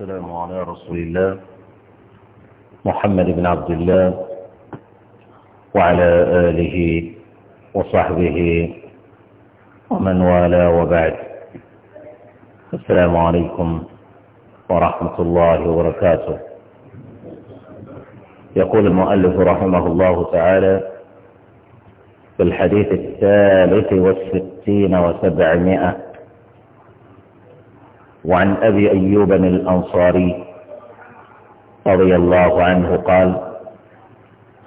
والسلام على رسول الله محمد بن عبد الله وعلى آله وصحبه ومن والاه وبعد السلام عليكم ورحمة الله وبركاته يقول المؤلف رحمه الله تعالى في الحديث الثالث والستين وسبعمائة وعن أبي أيوب الأنصاري رضي الله عنه قال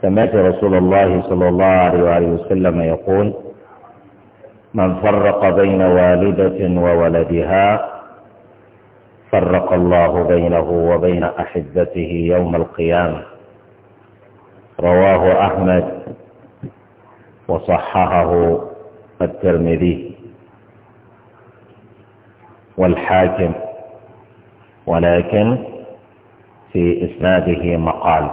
سمعت رسول الله صلى الله عليه وسلم يقول من فرق بين والدة وولدها فرق الله بينه وبين أحبته يوم القيامة رواه أحمد وصححه الترمذي والحاكم ولكن في إسناده مقال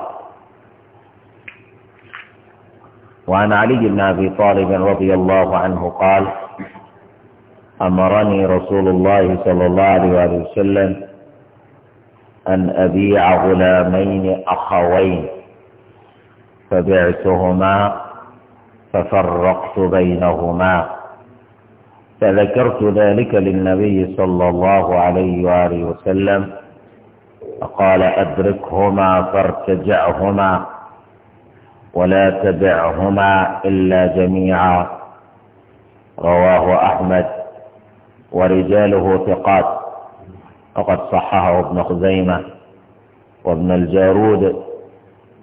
وعن علي بن أبي طالب رضي الله عنه قال أمرني رسول الله صلى الله عليه وسلم أن أبيع غلامين أخوين فبعتهما ففرقت بينهما فذكرت ذلك للنبي صلى الله عليه وآله وسلم فقال أدركهما فارتجعهما ولا تدعهما إلا جميعا رواه أحمد ورجاله ثقات وقد صححه ابن خزيمة وابن الجارود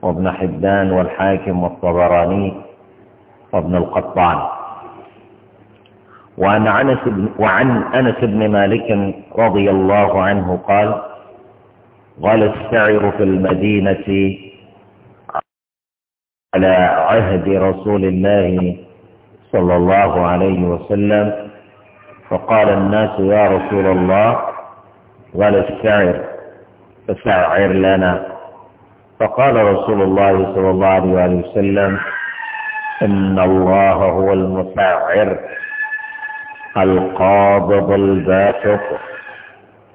وابن حبان والحاكم والطبراني وابن القطان وعن أنس بن, وعن أنس بن مالك رضي الله عنه قال قال السعر في المدينة على عهد رسول الله صلى الله عليه وسلم فقال الناس يا رسول الله قال السعر فسعر لنا فقال رسول الله صلى الله عليه وسلم إن الله هو المسعر القابض الباسط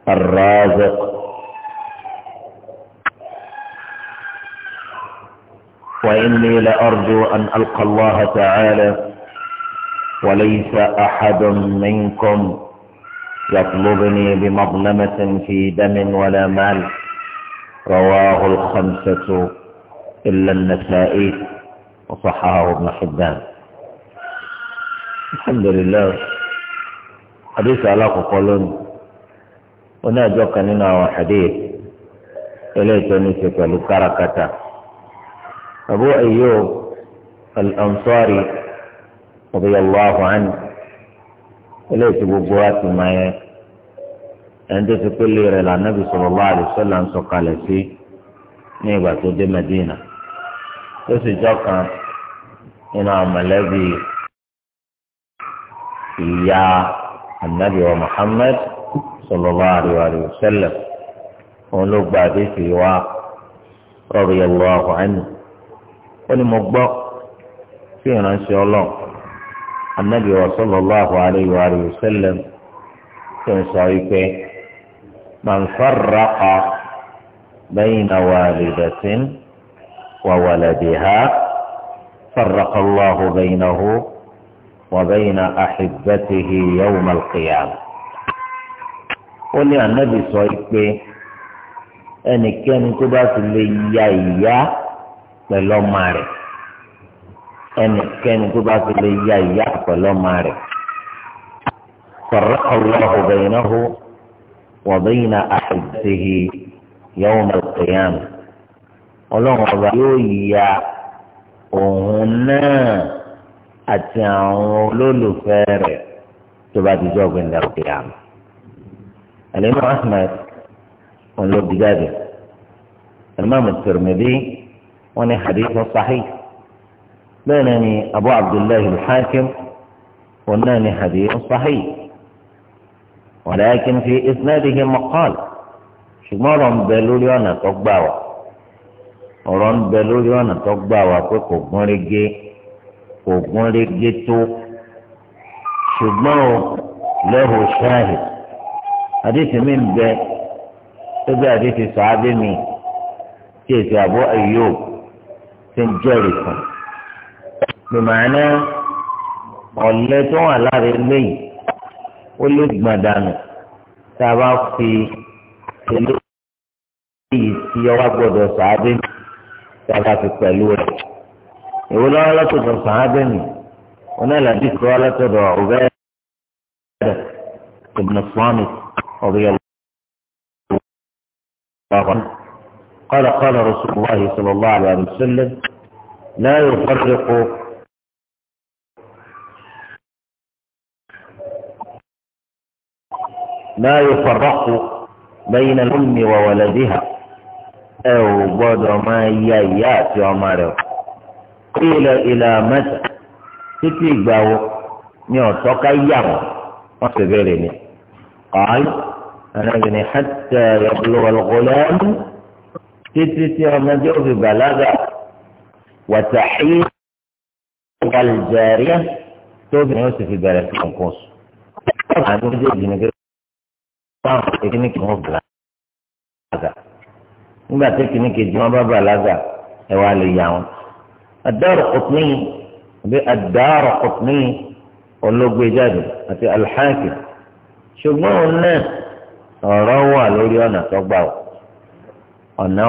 الرازق وإني لأرجو أن ألقى الله تعالى وليس أحد منكم يطلبني بمظلمة في دم ولا مال رواه الخمسة إلا النسائي وصححه ابن حبان الحمد لله hadith alákọ̀ọ́kọ́ lónìí ó ní àjọ kan nínú àwọn hadith eléyìí tó ní í ṣe pẹ̀lú káràkátà Abu Ayyub al-Ansari radiyallahu anhu eléyìí tó gbogbo wa ti máa yẹ ẹni tó ti pélé rẹ̀ lànàbì sallallahu alaihi wasallam ń sọ̀kalẹ̀ sí ní ìgbà tó dé Medina ó sì jọ kan nínú àwọn mọ̀lẹ́bí ìyá anabi wa muhammed sallallahu alayhi wa sallam òun ló gba àdéhùn wa radiyallahu anhu ó ní mo gbọ́ sí ìránṣẹ́ ọlọ́run anabi wa sallallahu alayhi wa sallam tó ń sọ wípé man farraqa bayna walidatin wa waladiha farraqa Allahu baynahu. وبين أحبته يوم القيامة ó ní ànábì sọ pé ẹnikẹ́ni tó bá ti lè ya ìyá pẹ̀lú ọmọ rẹ̀ ẹnikẹ́ni tó bá ti lè ya ìyá pẹ̀lú ọmọ rẹ̀ فرق الله بينه وبين أحبته يوم القيامة ọlọ́run ọba yóò ya òun náà. àti àwọn olólùfẹ́ rẹ̀ tó bá ti jọ́ ọ̀gbìn dàpẹ́ àmì. Àlẹ́mọ̀ Ahmed wọn ló bí jáde. Àlẹ́mọ̀ Tìrìmìdì wọn ni hadith sahih. Bẹ́ẹ̀ náà ni Abu Abdullahi al-Hakim wọn náà ni Wọ́n hadith sahih. ولكن في إسناده مقال ṣùgbọ́n ọ̀rọ̀ ń bẹ lórí ọ̀nà tó gbà wá ọ̀rọ̀ ń bẹ lórí ọ̀nà tó gbà wá pé kò gbọ́n rí gé. kò gún régé tó ṣùgbọ́n o lẹ́hùn ṣáàhì àdìsí mi ń bẹ tó bí àdìsí sàábì mi tí èsì àbọ̀ ẹ̀yọ́ ti ń jẹ́rìí fún gbìmọ̀ọ́nà ọ̀lẹ́ tó wà lára eléyìí ó lè gbọ̀n dànù tá a bá fi eléyìí tí ọwọ́ gbọ́dọ̀ sàábì mi tá a bá fi pẹ̀lú rẹ̀. èwo lọ́wọ́ lọ́tọ̀dọ̀ sàádé mi náà àlàdí kọ́ lọ́tọ̀dọ̀ ọ̀bẹ́ ẹ̀dẹ̀ ìbùnà fúnmi ọ̀bẹ́ yẹn lọ́wọ́. قال قال رسول الله صلى الله عليه وسلم لا يفرق لا يفرق بين الأم وولدها أو بعد ما يأتي أمره kílẹ̀ ilẹ̀ mẹ́ta títí ìgbà wo ni ọ̀tọ́ yà wọ́n wọ́n sì bẹ̀rẹ̀ ni. قال أنا بني حتى يبلغ الغلام títí tí ọmọdé òfin bàlágà wàtàhí kàlìjàríà tóbi ni ó sì fi bẹ̀rẹ̀ sí nǹkan sùn. àwọn àti méjèèjì ni kékeré wọn àwọn èkíní kì wọn bàlágà nígbà tí èkíní kejì ẹ wá lè yà الدارقطني بالدارقطني olóògbé jáde àti alḥakim ṣùgbọ́n òun náà ọ̀rọ̀ wà lórí ọ̀nà tó gbà ó ọ̀nà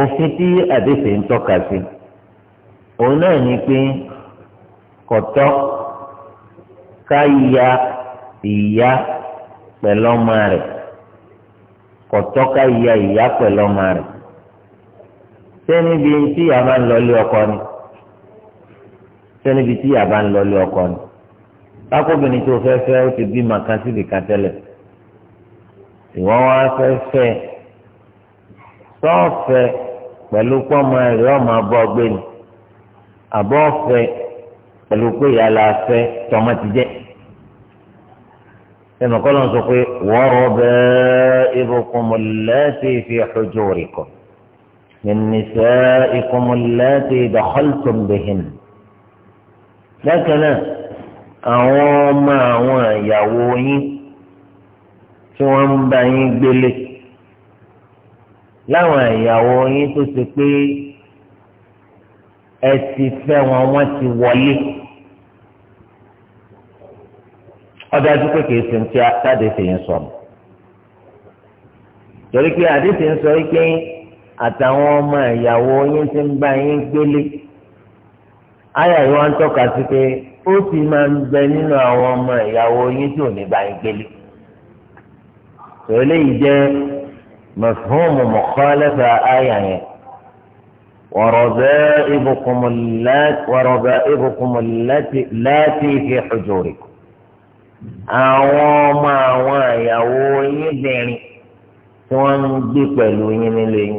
òfin tí ń sí òun náà ní pé ya ìyá kọtọka ìyá ìyá pẹ̀lú ọmọ rẹ̀ sẹni bíi tí ìyá bá ń lọlé ọkọ ni sẹni bíi tí ìyá bá ń lọlé ọkọ ni lákòbìnrin tó fẹ́ fẹ́ ó ti bí màkà sí ìdìkan tẹ́lẹ̀ ìwọ́n wá fẹ́ fẹ́ sọ́ọ̀fẹ́ pẹ̀lú pọ́nmọ rẹ̀ ọmọ abọ́ gbé ni àbọ̀ ọ̀fẹ́ pẹ̀lú pé ìyá la tọmọ ti jẹ́ sẹ́nu ló ń sọ pé wọ́ọ̀rọ̀ bẹ́ẹ̀. نسائكم اللاتي في حجوركم من نسائكم اللاتي دخلتم بهن لكن أوما ويوي توم بين بلي لو يوي تسقي أسفة وموت ولي أدعوك كيف تنتهي تدفين صوم torí pé àdìsí ń sọ pé àtàwọn ọmọ ìyàwó yín ti ń bá yín gbélé àyà yìí wọn tọ́ka sí pé ó sì máa ń bẹ nínú àwọn ọmọ ìyàwó yín tí ò ní bá yín gbélé tòun eléyìí jẹ́ mafhumu mukhalafa àyà yẹn. وربائبكم اللاتي وربائبكم اللاتي لاتي في àwọn ọmọ àwọn ìyàwó yín bìnrin tí wọ́n ń gbé pẹ̀lú yín nílé yín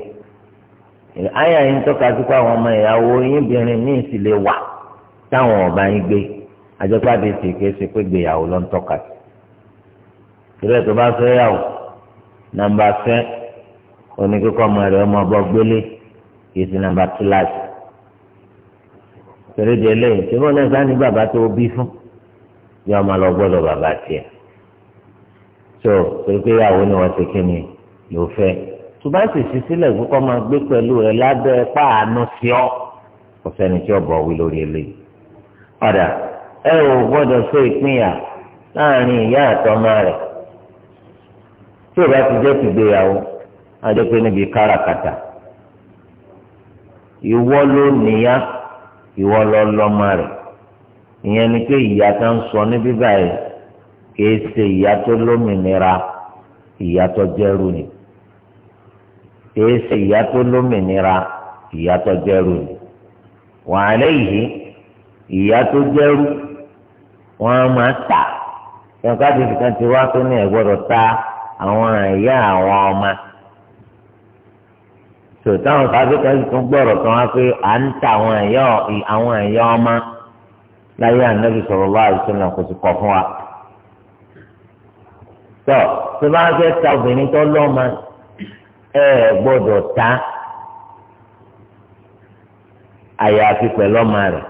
àyà yín tọ́ka sí pé àwọn ọmọ ìyàwó yín bìnrin míì sì lè wà táwọn ọba yín gbé àjẹpàdé sì ké sí pé gbéyàwó ló ń tọ́ka sí ìrẹ́ tó bá fẹ́ yàwó nàmbà fẹ́ oníkókọ́ ọmọ rẹ̀ ọmọ ọgbọ́ gbélé kìí nàmbà kíláàsì torí di tí wọ́n náà sáni bàbá tó bí fún yọ ọmọ lọ gbọ́dọ̀ bàbá tiẹ̀ so torí pé yàwó ni wọ́n ti kí ni ló fẹ́ tó bá sì ṣí sílẹ̀ kókó máa gbé pẹ̀lú rẹ lábẹ́ páànù sí ọ kò sẹ́ni tí ó bọ̀ wí lórí eléyìí padà ẹ ò gbọ́dọ̀ ṣe ìpínyà láàrin ìyá àtọmọ rẹ̀ tí o bá ti jẹ́ ti gbéyàwó a jẹ́ pé níbi káràkátà ìwọ ló níyà ìwọ lọ lọ́mọ rẹ̀ ìyẹn ni pé ìyá tó ń sọ níbí báyìí kìí ṣe ìyá tó lómìnira ìyá tó jẹ́rú ni kìí ṣe ìyá tó lómìnira ìyá tó ni wà á léyìí tó wọn máa tà ẹ̀ka ti kan ti wá tó ní ẹ̀gbọ́dọ̀ ta àwọn ìyá àwọn ọmọ tòtáwọn sábẹ́ka tún gbọ́rọ̀ kan wá pé à ń ta àwọn ọmọ láyé ànábì kò sì fún wa. tó bá ń ẹ gbọ́dọ̀ ta àyàfi pẹ̀lú ọmọ rẹ̀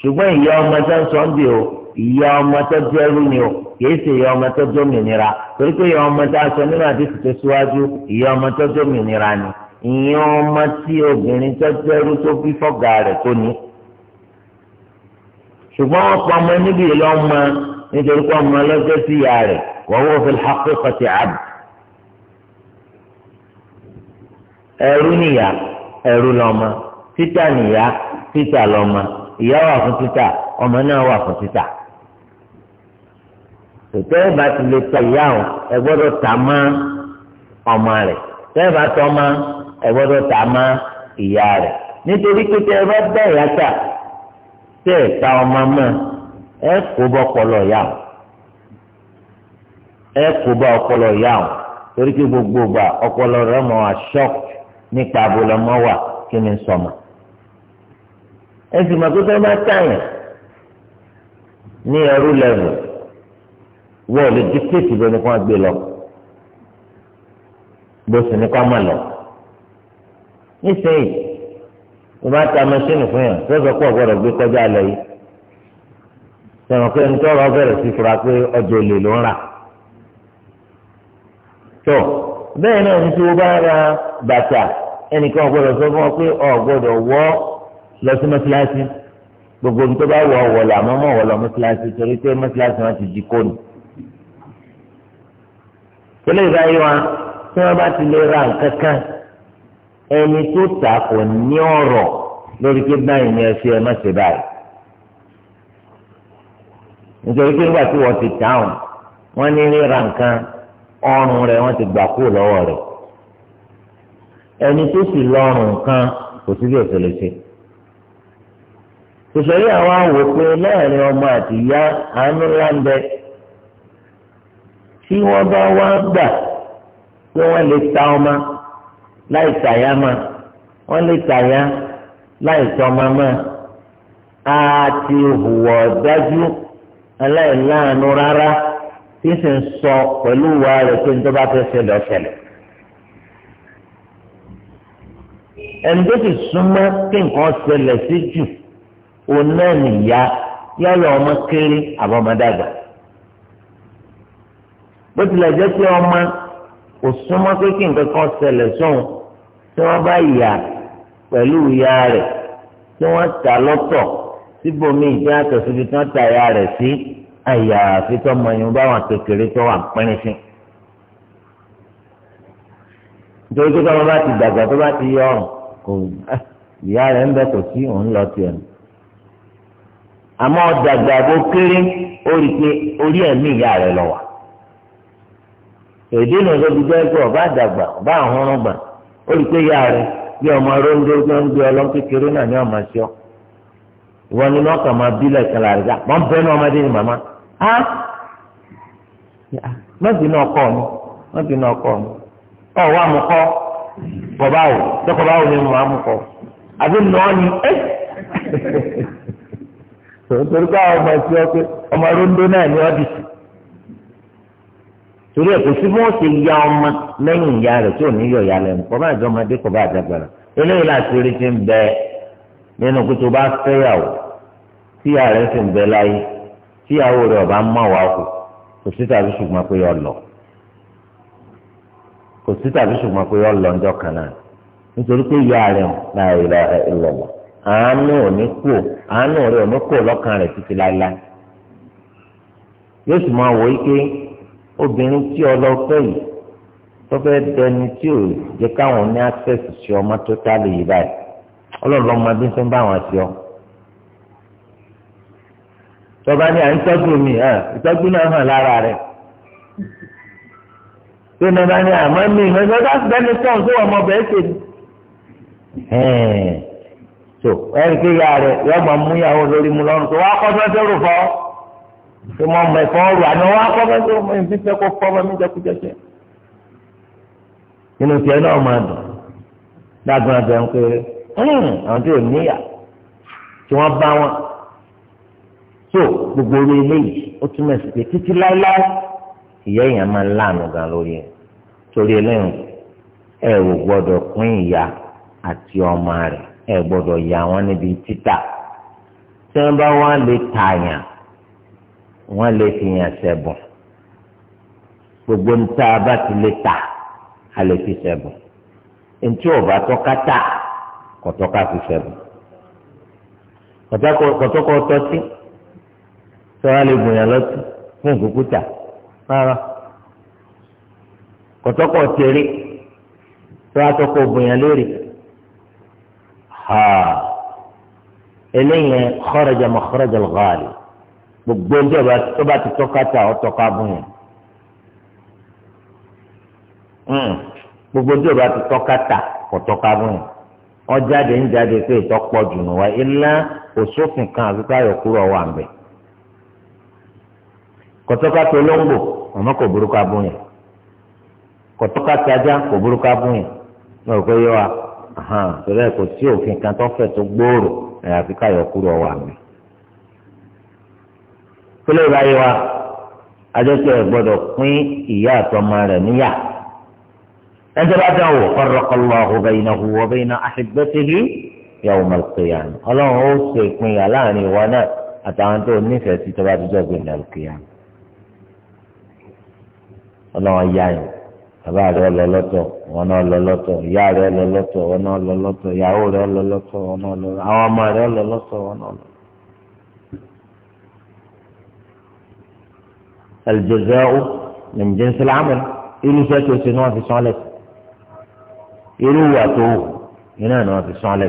ṣùgbọ́n ìyá ọmọ tó ń sọ ń bì o ìyá ọmọ tó jẹ́ ẹrú ni o kìí ṣe ìyá ọmọ tó jẹ́ òmìnira torí pé ìyá ọmọ tó aṣọ nínú àdìsí tó síwájú ìyá ọmọ tó jẹ́ òmìnira ni ìyá ọmọ tí obìnrin tó jẹ́ tó bí fọ́gà rẹ̀ tó ní. ṣùgbọ́n wọ́n ọmọ níbi ìlú ọmọ nítorí pé ọmọ lọ́jọ́ sí ìyá rẹ̀ wọ́n wọ́n fi ẹrú nìyá ẹrú lọ́mọ títà nìyá títà lọ́mọ ìyá wà fún títà ọmọ náà wà fún títà tòtẹ́ bá ti lè ta ìyá o ẹ gbọ́dọ̀ tà má ọmọ rẹ̀ tẹ́ bá tọ́ má ẹ gbọ́dọ̀ tà má ìyá rẹ̀ nítorí pé tẹ́ bá bẹ́ ìyá tà tẹ́ ẹ̀ ta ọmọ mọ́ ẹ kó bọ́ ọpọlọ ìyá o ẹ kó bọ́ ọpọlọ ìyá o torí pé gbogbo gbà ọpọlọ rẹ̀ mọ́ a nípa abolọmọ wà kí ni sọmọ ẹ sì mọ̀ pé fẹ́ẹ́ máa tààyàn ní ẹrú lẹ́vù wọ́n ò lè dípẹ́tì bẹ́ẹ̀ ni kò gbé lọ bó sì ní kò mọ̀ lọ. nísìnyí mo bá ta mẹ́ṣíìnì fún yàn tó sọ pé ọ̀gbọ́dọ̀ gbé kọjá lọ yìí sọ̀rọ̀ pé nítorí ọ̀rọ̀ bẹ̀rẹ̀ sí fura pé ọjọ́ olè ló ń rà. tó bẹ́ẹ̀ náà ní tí wọ́n bá ra bàtà ẹnìkan ọ̀gbọ́dọ̀ sọ fún ọ pé ọ̀gbọ́dọ̀ wọ́ lọ sí mọ́síláṣí gbogbo ní tó bá wọ ọ̀wọ̀ là mọ́ mọ́ ọ̀wọ̀ lọ mọ́síláṣí torí pé mọ́síláṣí wọn ti di kóni. tẹ́lẹ̀ ìbáyé wa tí wọ́n bá ti lè ra nǹkan kan ẹni tó tà kò ní ọ̀rọ̀ lórí pé báyìí ni ẹ fi ẹ má ṣe báyìí. nítorí pé nígbà tí wọ́n ti tà wọ́n ní ríra nǹkan ọrùn rẹ̀ wọ́n ti gbà kúrò lọ́wọ́ rẹ̀ ẹni tó sì lọ́rùn kan kò sí bí o tẹ̀lé ṣe. ìṣòro àwọn àwò pé láàrin ọmọ àti ìyá àánú ńlá ń bẹ tí wọ́n bá wá gbà pé wọ́n lè ta ọmọ láì tàyá máa wọ́n lè tàyá láì tọ́mọ máa á ti hùwà dájú aláìláàánú rárá tí sì ń sọ pẹ̀lú ìwà rẹ̀ pé nítorí bá fẹ́ ṣẹlẹ̀ ọ̀ṣẹlẹ̀. ẹni tó sì súnmọ́ kí nǹkan ṣẹlẹ̀ sí jù òun náà nìyá yálà ọmọ kéré àbọ̀mọdàgbà bó tilẹ̀ jẹ́ pé ọmọ kò súnmọ́ pé kí nǹkan kan ṣẹlẹ̀ sóun tí wọ́n bá yà pẹ̀lú ìyá rẹ̀ tí wọ́n tà lọ́tọ̀ síbòmí ìjẹ́ àtọ̀síbi tí wọ́n tà ìyá rẹ̀ sí àyà àfitọ́ mọ̀nyún báwọn kékeré tó wà pínrín sí. nítorí pé tọ́mọ bá ti dàgbà tó bá ti yọ ọ̀rùn. kò ìyá rẹ̀ ń bẹ kò sí òun lọ tiẹ̀ nù. àmọ́ dàgbà bó kéré ó rí pé orí ẹ̀mí ìyá rẹ̀ lọ wà. èdè nù ọba àdàgbà ọba àhúnrún gbà ó rí pé ìyá rẹ̀ bí ọmọ róńdó tó ń gbé ọlọ́ kékeré náà ní ọmọ ṣọ́ ìwọ ni wọn máa bílẹ̀ kan láàrin wọn bẹ́ẹ̀ ní ọmọdé ni màmá á mi bọ̀bá o tọkọ báwo ni mo máa mú kọ àbí nà ọ́ ni ẹ́ torí pé àwọn ọmọ ẹ̀sìn ọ̀pẹ ọmọ rondo náà ni ọ́ di sí torí ẹ̀ kò sí bí wọ́n ṣe ya ọmọ lẹ́yìn ìyá rẹ̀ tí ò ní yọ̀ ya lẹ́nu kọ́ bá àjọ ọmọdé kọ́ bá àjàgbàrà eléyìí láti rí ti ń bẹ nínú kó tó bá fẹ́yàwó tíyà rẹ̀ sì ń bẹ láyé tíyàwó rẹ̀ ọ̀bá ń mọ̀ wá kù kò sí tàbí ṣùgbọ́n pé ọ lọ kò sí tàbí ṣùgbọ́n pé ọ lọ ńjọ́ kan náà nítorí pé ìyá rẹ̀ la ilaha illallah àánú òní kú àánú rẹ̀ òní kú lọ́kàn rẹ̀ títí láéláé yóò sì máa wọ ike obìnrin tí ọ lọ fẹ́ yìí tó fẹ́ dẹni tí ò jẹ́ káwọn ní access sí ọmọ tó tálẹ yìí báyìí ọlọ́run ọmọ bí tó ń bá wọn sí ọ tọ́ba ni à ń tọ́jú mi ẹ̀ ìtọ́jú náà hàn lára rẹ̀ pé nàbà ni àmọ́ mi ìmọ̀lẹ́ láti bẹ́ni pọ̀ tó ọmọ bẹ́ẹ̀ ṣe ni. so ẹni pé ya rẹ yọ ọmọ mú ìyàwó lórí mu lọ́rùn tó wá kọ́ fẹ́fẹ́ rò fọ́ tó mọ ọmọ ẹ̀fọ́ rò àná wá kọ́ fẹ́fẹ́ rò mọ ìfífẹ́ kó fọ́ ọmọ mi jẹkújẹkẹ. inú tiẹ̀ náà máa dùn dágbọn abẹ ń pé hmm, àwọn tí ò níyà tí wọ́n bá wọn. so gbogbo orí eléyìí ó túmọ̀ sí ìyá èèyàn máa ń láàánú gan lórí torí eléyìí ẹ ò gbọ́dọ̀ pín ìyá àti ọmọ rẹ̀ ẹ gbọ́dọ̀ yà wọ́n níbi títà tí wọ́n bá wá lè tààyàn wọ́n lè fi yàn sẹ́bùn gbogbo níta bá ti lè tà á lè fi sẹ́bùn ntí fún ìkúkú tà. rárá kọ̀tọ́kọ̀ tẹ̀lé tó atọ́kọ̀ bòyàn lérè ha eléyìí kharaja makharaja al-ghali gbogbo ń jọba tó bá ti tọ́ka ta ọ̀tọ́ka bòyàn hmm. gbogbo ń jọba ti tọ́ka ta ọ̀tọ́ka bòyàn wọ́n jáde ń jáde pé ìtọ́pọ̀ jù nù wá ilá òṣòfin kan àti táyọ̀ kúrò wà ń bẹ̀ kọtọ́ka tó lóńgbò àmọ́ kò burúkú abún yẹn kọtọ́ka tajà kò burúkú abún yẹn ní òkú yẹ wa torí ẹ kò sí òfin kan tó fẹ̀ tó gbòòrò àyàfi káyọ̀ kúrò wà mí. kílè báyìí wa adékè gbọ́dọ̀ pín ìyá àtọmọ rẹ̀ níyà ẹjọ́ bá dán wò farraqallahu baynahu wa bayna ahibbatihi yawmal qiyamah ọlọ́run ó ṣe ìpínyà láàrin ìwọ náà àtàwọn tó nífẹ̀ẹ́ sí tó bá dúdú ọ̀gbìn ọlọ́wọ́n yá yẹn bàbá rẹ̀ lọ lọ́tọ̀ wọn náà lọ lọ́tọ̀ ìyá rẹ̀ lọ lọ́tọ̀ wọn náà lọ lọ́tọ̀ ìyàwó rẹ̀ lọ lọ́tọ̀ wọn náà lọ lọ́tọ̀ àwọn ọmọ rẹ̀ lọ lọ́tọ̀ wọn náà lọ. tó ṣe ni الجزاء fi sán العمل irú iṣẹ́ tó ṣe ni wọ́n fi sán lẹ́sìn irú ìwà tó wù iná ni wọ́n fi sán le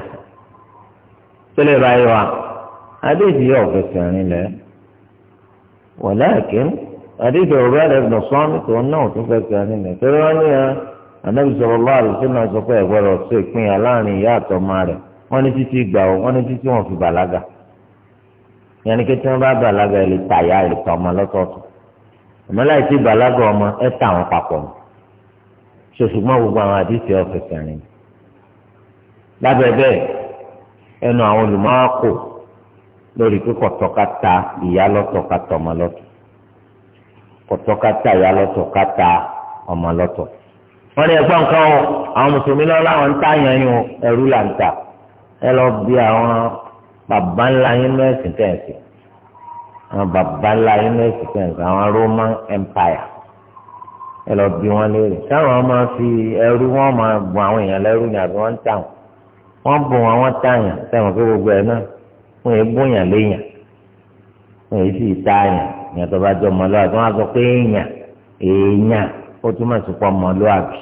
tẹ́lẹ̀ báyìí wa adéjì yóò fẹsẹ̀ rìn lẹ́ wọ́n lẹ́ẹ̀kẹ́ àdìdì ọ̀rẹ́ rẹ̀ lọ sọ́ọ́nù tó ń náà tó fẹ́ kí a nínú ìtẹ́rẹ́ wọn ní ya ah, ànábì sọ̀rọ̀ lọ́wọ́ àlùfẹ́ náà sọ pé ẹ̀gbọ́n rẹ̀ ṣe ìpínyà láàrin ìyá àtọ́mọ rẹ̀ wọ́n ní títí gbà ó wọ́n ní títí wọn fi bàlágà yẹnni kí tí wọ́n bá bàlágà ẹ̀ lè tàyà ẹ̀ lè tà ọmọ lọ́tọ̀ọ̀tọ̀ àmọ́ láì sí bàlágà ọmọ ẹ̀ tà wọn papọ̀ lórí kíkọ̀ tọ́ka ta ìyá lọ́tọ̀ ká tọmọ lọ́tọ̀ kọ̀tọ́kátà ìyá lọ́tọ̀ kátà ọmọ lọ́tọ̀. wọ́n ní ẹ̀gbọ́n kan o àwọn mùsùlùmí lọ́wọ́ láwọn ń tààyàn yín o ẹ̀rú là ń tà ẹ lọ bí àwọn bàbá ńlá yín mẹ́sìn tẹ̀sí àwọn bàbá ńlá yín mẹ́sìn tẹ̀sí àwọn Roman Empire ẹ lọ bí wọn léèrè táwọn máa fi ẹrú wọn máa bu àwọn èèyàn lẹ́rú ni àbí wọ́n ń tà wọ́n bù wọn wọ́n tààyàn sẹ́wọ̀n pé gbogbo ẹ̀ náà wọ́n èébú léèyàn wọ́n èé sì tààyàn ìyẹn tó bá jọ ọmọlúwàbí wọn á sọ pé èèyàn èèyàn ó túmọ̀ sí pọ̀ ọmọlúwàbí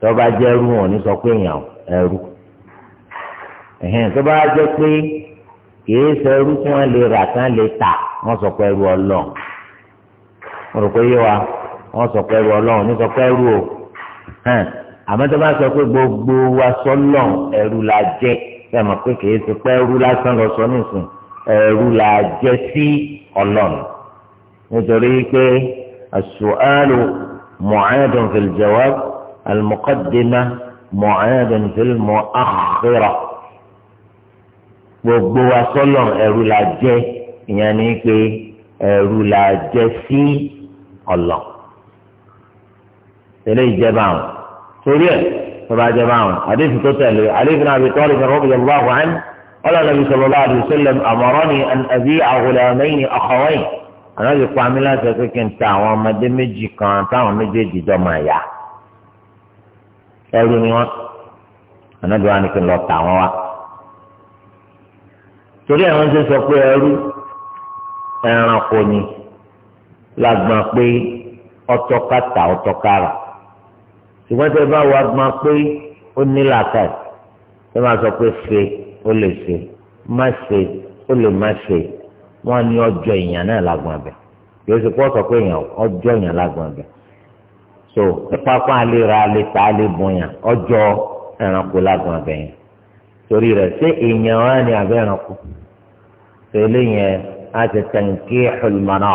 tó bá jẹ́ ẹrú wọn ò ní sọ pé èèyàn ẹrú ẹ̀hìn tó bá jẹ́ pé kìí ṣe ẹrú tí wọ́n lè rà tán lè tà wọ́n sọ pé ẹrú ọlọ́run mo rò pé yé wa wọ́n sọ pé ẹrú ọlọ́run ní sọ pé ẹrú o àmọ́ tó bá sọ pé gbogbo wa sọ́lọ́run ẹrú la jẹ́ ẹ mọ̀ pé kìí ṣe pé ẹrú lásán lọ sọ nísìn ẹrú la jẹ́ sí ọlọ́run nítorí pé as-su'alu mu'adun fil jawab al-muqaddima mu'adun fil mu'akhkhira gbogbo wa sọ́lọ̀ ẹ̀rú la jẹ́ ìyẹn ni pé ẹ̀rú la jẹ́ sí ọlọ́ tẹ́lẹ̀ ìjẹba àwọn torí ẹ̀ tó bá àwọn àdéhùn tó tẹ̀lé àdéhùn àbí tọ́lẹ̀ ìfẹ́ rọ́bìyàn bá wà ní. قال النبي صلى الله عليه وسلم أمرني أن أبيع غلامين أخوين أنا بقام لا تكن تعوى مدمجي كان تعوى مدمجي جماعة قالوا نيوان أنا دواني كن لو تعوى torí àwọn tó sọ pé ẹrú ẹranko ni lágbọn pé ọtọkàtà ọtọkàrà ṣùgbọ́n tẹ bá wà gbọn pé ó ní làákàtà tẹ máa ó lè ṣe má ṣe ó lè má ṣe wọn ní ọjọ́ èèyàn náà lágbọn abẹ yóò ṣe pọ́ pé èèyàn ọjọ́ èèyàn lágbọn abẹ so pápá àlera àleta àlebọyàn ọjọ́ ẹranko lágbọn abẹ yẹn torí rẹ̀ ṣé èèyàn wá ní abẹ ẹranko tẹlẹ yẹn á ti tẹnkí xulmọnà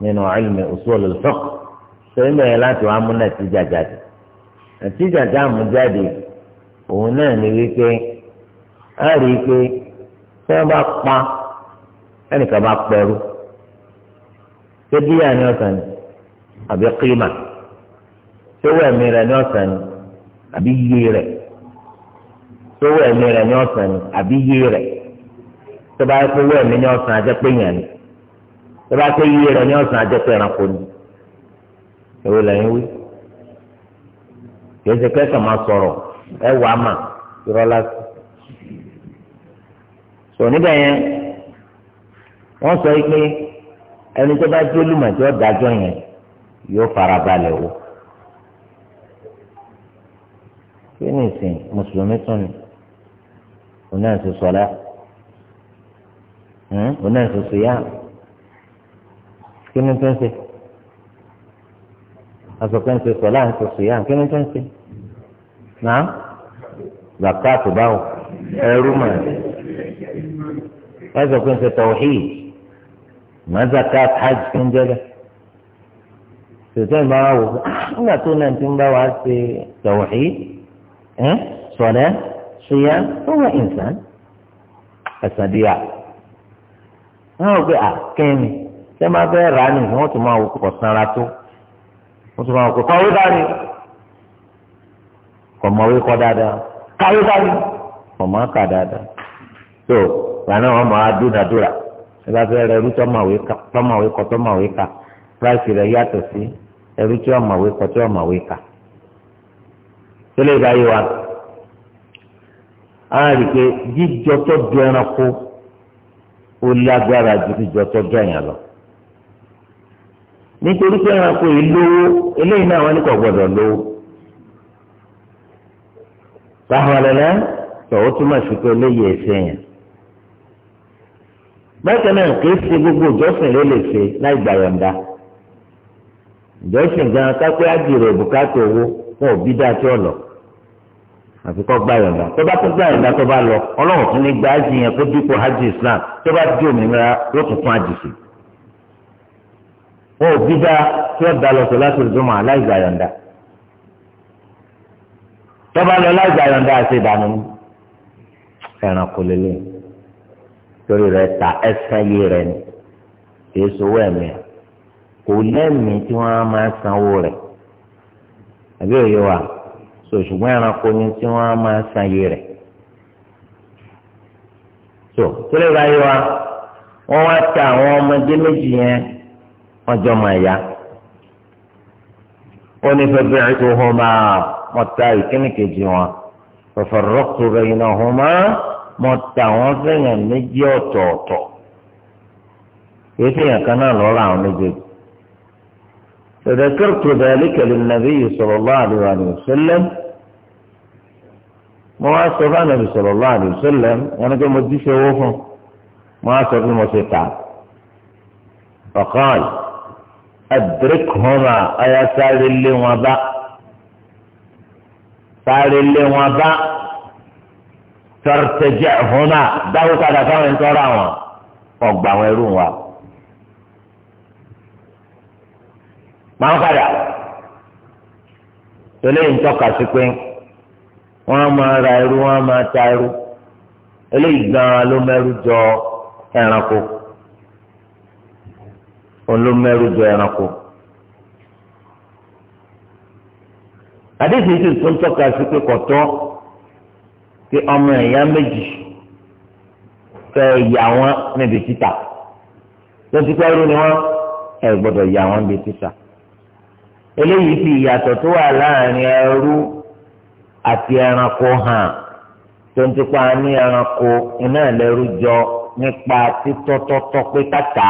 nínú ilmi usul al-fiqh sẹ́yìn bẹ́ẹ̀ láti wá mú nàtìjà jáde nàtìjà jáde òun náà ní wípé. A rí i pé tí wọ́n bá pa ẹnìkan bá pẹ̀rú ṣé díyà ni ọ̀sán ni àbí kílímà ṣé owó ẹ̀mí rẹ̀ ni ọ̀sán ni àbí yé rẹ̀ ṣé owó ẹ̀mí rẹ̀ ni ọ̀sán ni àbí yé rẹ̀ tó bá yẹ kó owó ẹ̀mí ni ọ̀sán ajẹ́pẹ́ yẹn ni tó bá yẹ kó yé rẹ̀ ni ọ̀sán ajẹ́pẹ́ ẹranko ni èwo lẹ́yìn wí kìí ṣe kẹ́sàn máa sọ̀rọ̀ ẹ wàá mà irọ́ lásìkò. sọ níbẹ̀ yẹn wọ́n sọ pé ẹni tó bá jó lùmọ̀ tí ó dájọ́ yẹn yóò farabalẹ̀ wò kí ni ìsìn mùsùlùmí tún ni òun náà ti sọlá hmm? òun náà kí ni tó ṣe asọ̀kẹ́ ń ṣe sọlá ń ṣe sùyà kí ni tó ṣe náà zakat báwo ẹrú màá ẹ sọ pé ń ṣe tawhid mọ́sàkà hajj tó ń jẹ́lẹ̀ tòtẹ́ ìbá wa wò ó ah, nígbà tó náà ti ń bá wa ṣe tawhid ẹ sọ̀rẹ́ ṣìyà ó wà ìǹsán ẹ̀sàdíyà wọ́n rò pé à ah, kẹ́ni tẹ́ máa fẹ́ rà á nìyí wọ́n tún máa wò kọ̀ sanra tó wọ́n tún máa wò kọ̀ kọ́wé kọ̀mọ̀wé kọ́ dáadáa káwé dání kọ̀mọ̀ kà dáadáa tó. lànà wọn máa dúnadúrà ẹgbẹ́ fẹ́ rẹ ẹrú tọ́mọ̀wé kọ tọ́mọ̀wé kà price rẹ yàtọ̀ sí ẹrú tí ọ̀mọ̀wé kọ tí ọ̀mọ̀wé kà. tó lè báyìí wa a rí i pé jíjọ tó dùn ẹranko ó lágbára ju jíjọ tó lọ nítorí pé ẹranko yìí lówó eléyìí náà wọn ní kò lówó sí pé bákan náà kì í ṣe gbogbo ìjọsìn ló lè ṣe láì gbà yọ̀ǹda ìjọsìn gan kápẹ́ àdìrò bùkátà owó fún òbí dá tí ó lọ àfi kọ́ gbà yọ̀ǹda tó bá tó gbà yọ̀ǹda tó bá lọ ọlọ́run fún ní gbà ájì yẹn kó dípò hajj islam tó bá di òmìnira yóò tún fún hajj fún òbí dá tí ó dá lọ sọ láti ìdúmọ̀ láì gbà tó bá lọ láì gbà àti ìdánimú ẹ̀ràn kò lélẹ́yìn torí rẹ̀ ta ẹsẹ̀ yé rẹ̀ ni kì í sowó ẹ̀mí ẹ̀ kò lẹ́mìí tí wọ́n á máa sanwó rẹ̀ àbí òye wa so ṣùgbọ́n ẹranko ni tí wọ́n á máa san rẹ̀ so torí rẹ̀ wa wọ́n wá ta àwọn ọmọdé méjì yẹn wọ́n jọ máa ya ó ní fẹ́ bẹ́ẹ̀ tó hó máa wọ́n ìkíni kejì wọn fọ̀fọ̀rọ̀ tó rẹ̀ yìí náà hó máa. mo ta àwọn fẹ́yàn méjì ọ̀tọ̀ọ̀tọ̀ kìí fẹ́yàn kan náà lọ́ọ́ ra àwọn méjèèjì. nàbí yìí sọrọ صلى الله ní وسلم mo wá sọ fún anabi sallallahu alaihi wasallam wọn kẹ mo díṣe owó fún mo wá sọ fún mo ṣe tà ọkàn adrik homa ayá sáré lé wọn bá sáré lé wọn bá. tọ́rọ̀tẹ̀jẹ̀ ọ̀húnà dáwó padà fáwọn ìtọ́rọ̀ àwọn ọgbà àwọn ẹrú wa. máa ń padà tẹ́lẹ̀ tọ́ka sí pé wọ́n máa ra ẹrú wọ́n máa ta ẹrú eléyìí gan ló mẹ́rú jọ ẹranko òun ló mẹ́rú ẹranko. àdéhùn tún tọ́ka sí pé pé ọmọ ẹ̀yà méjì fẹ́ yà wọ́n níbi títà lọ́sí pẹ́rú ni wọ́n ẹ̀ gbọ́dọ̀ yà wọ́n níbi títà eléyìí fi ìyàtọ̀ tó wà láàrin ẹrú àti ẹranko hàn tó ń tipa ní ẹranko iná ẹlẹ́rú jọ nípa títọ́tọ́tọ́ pé kàtà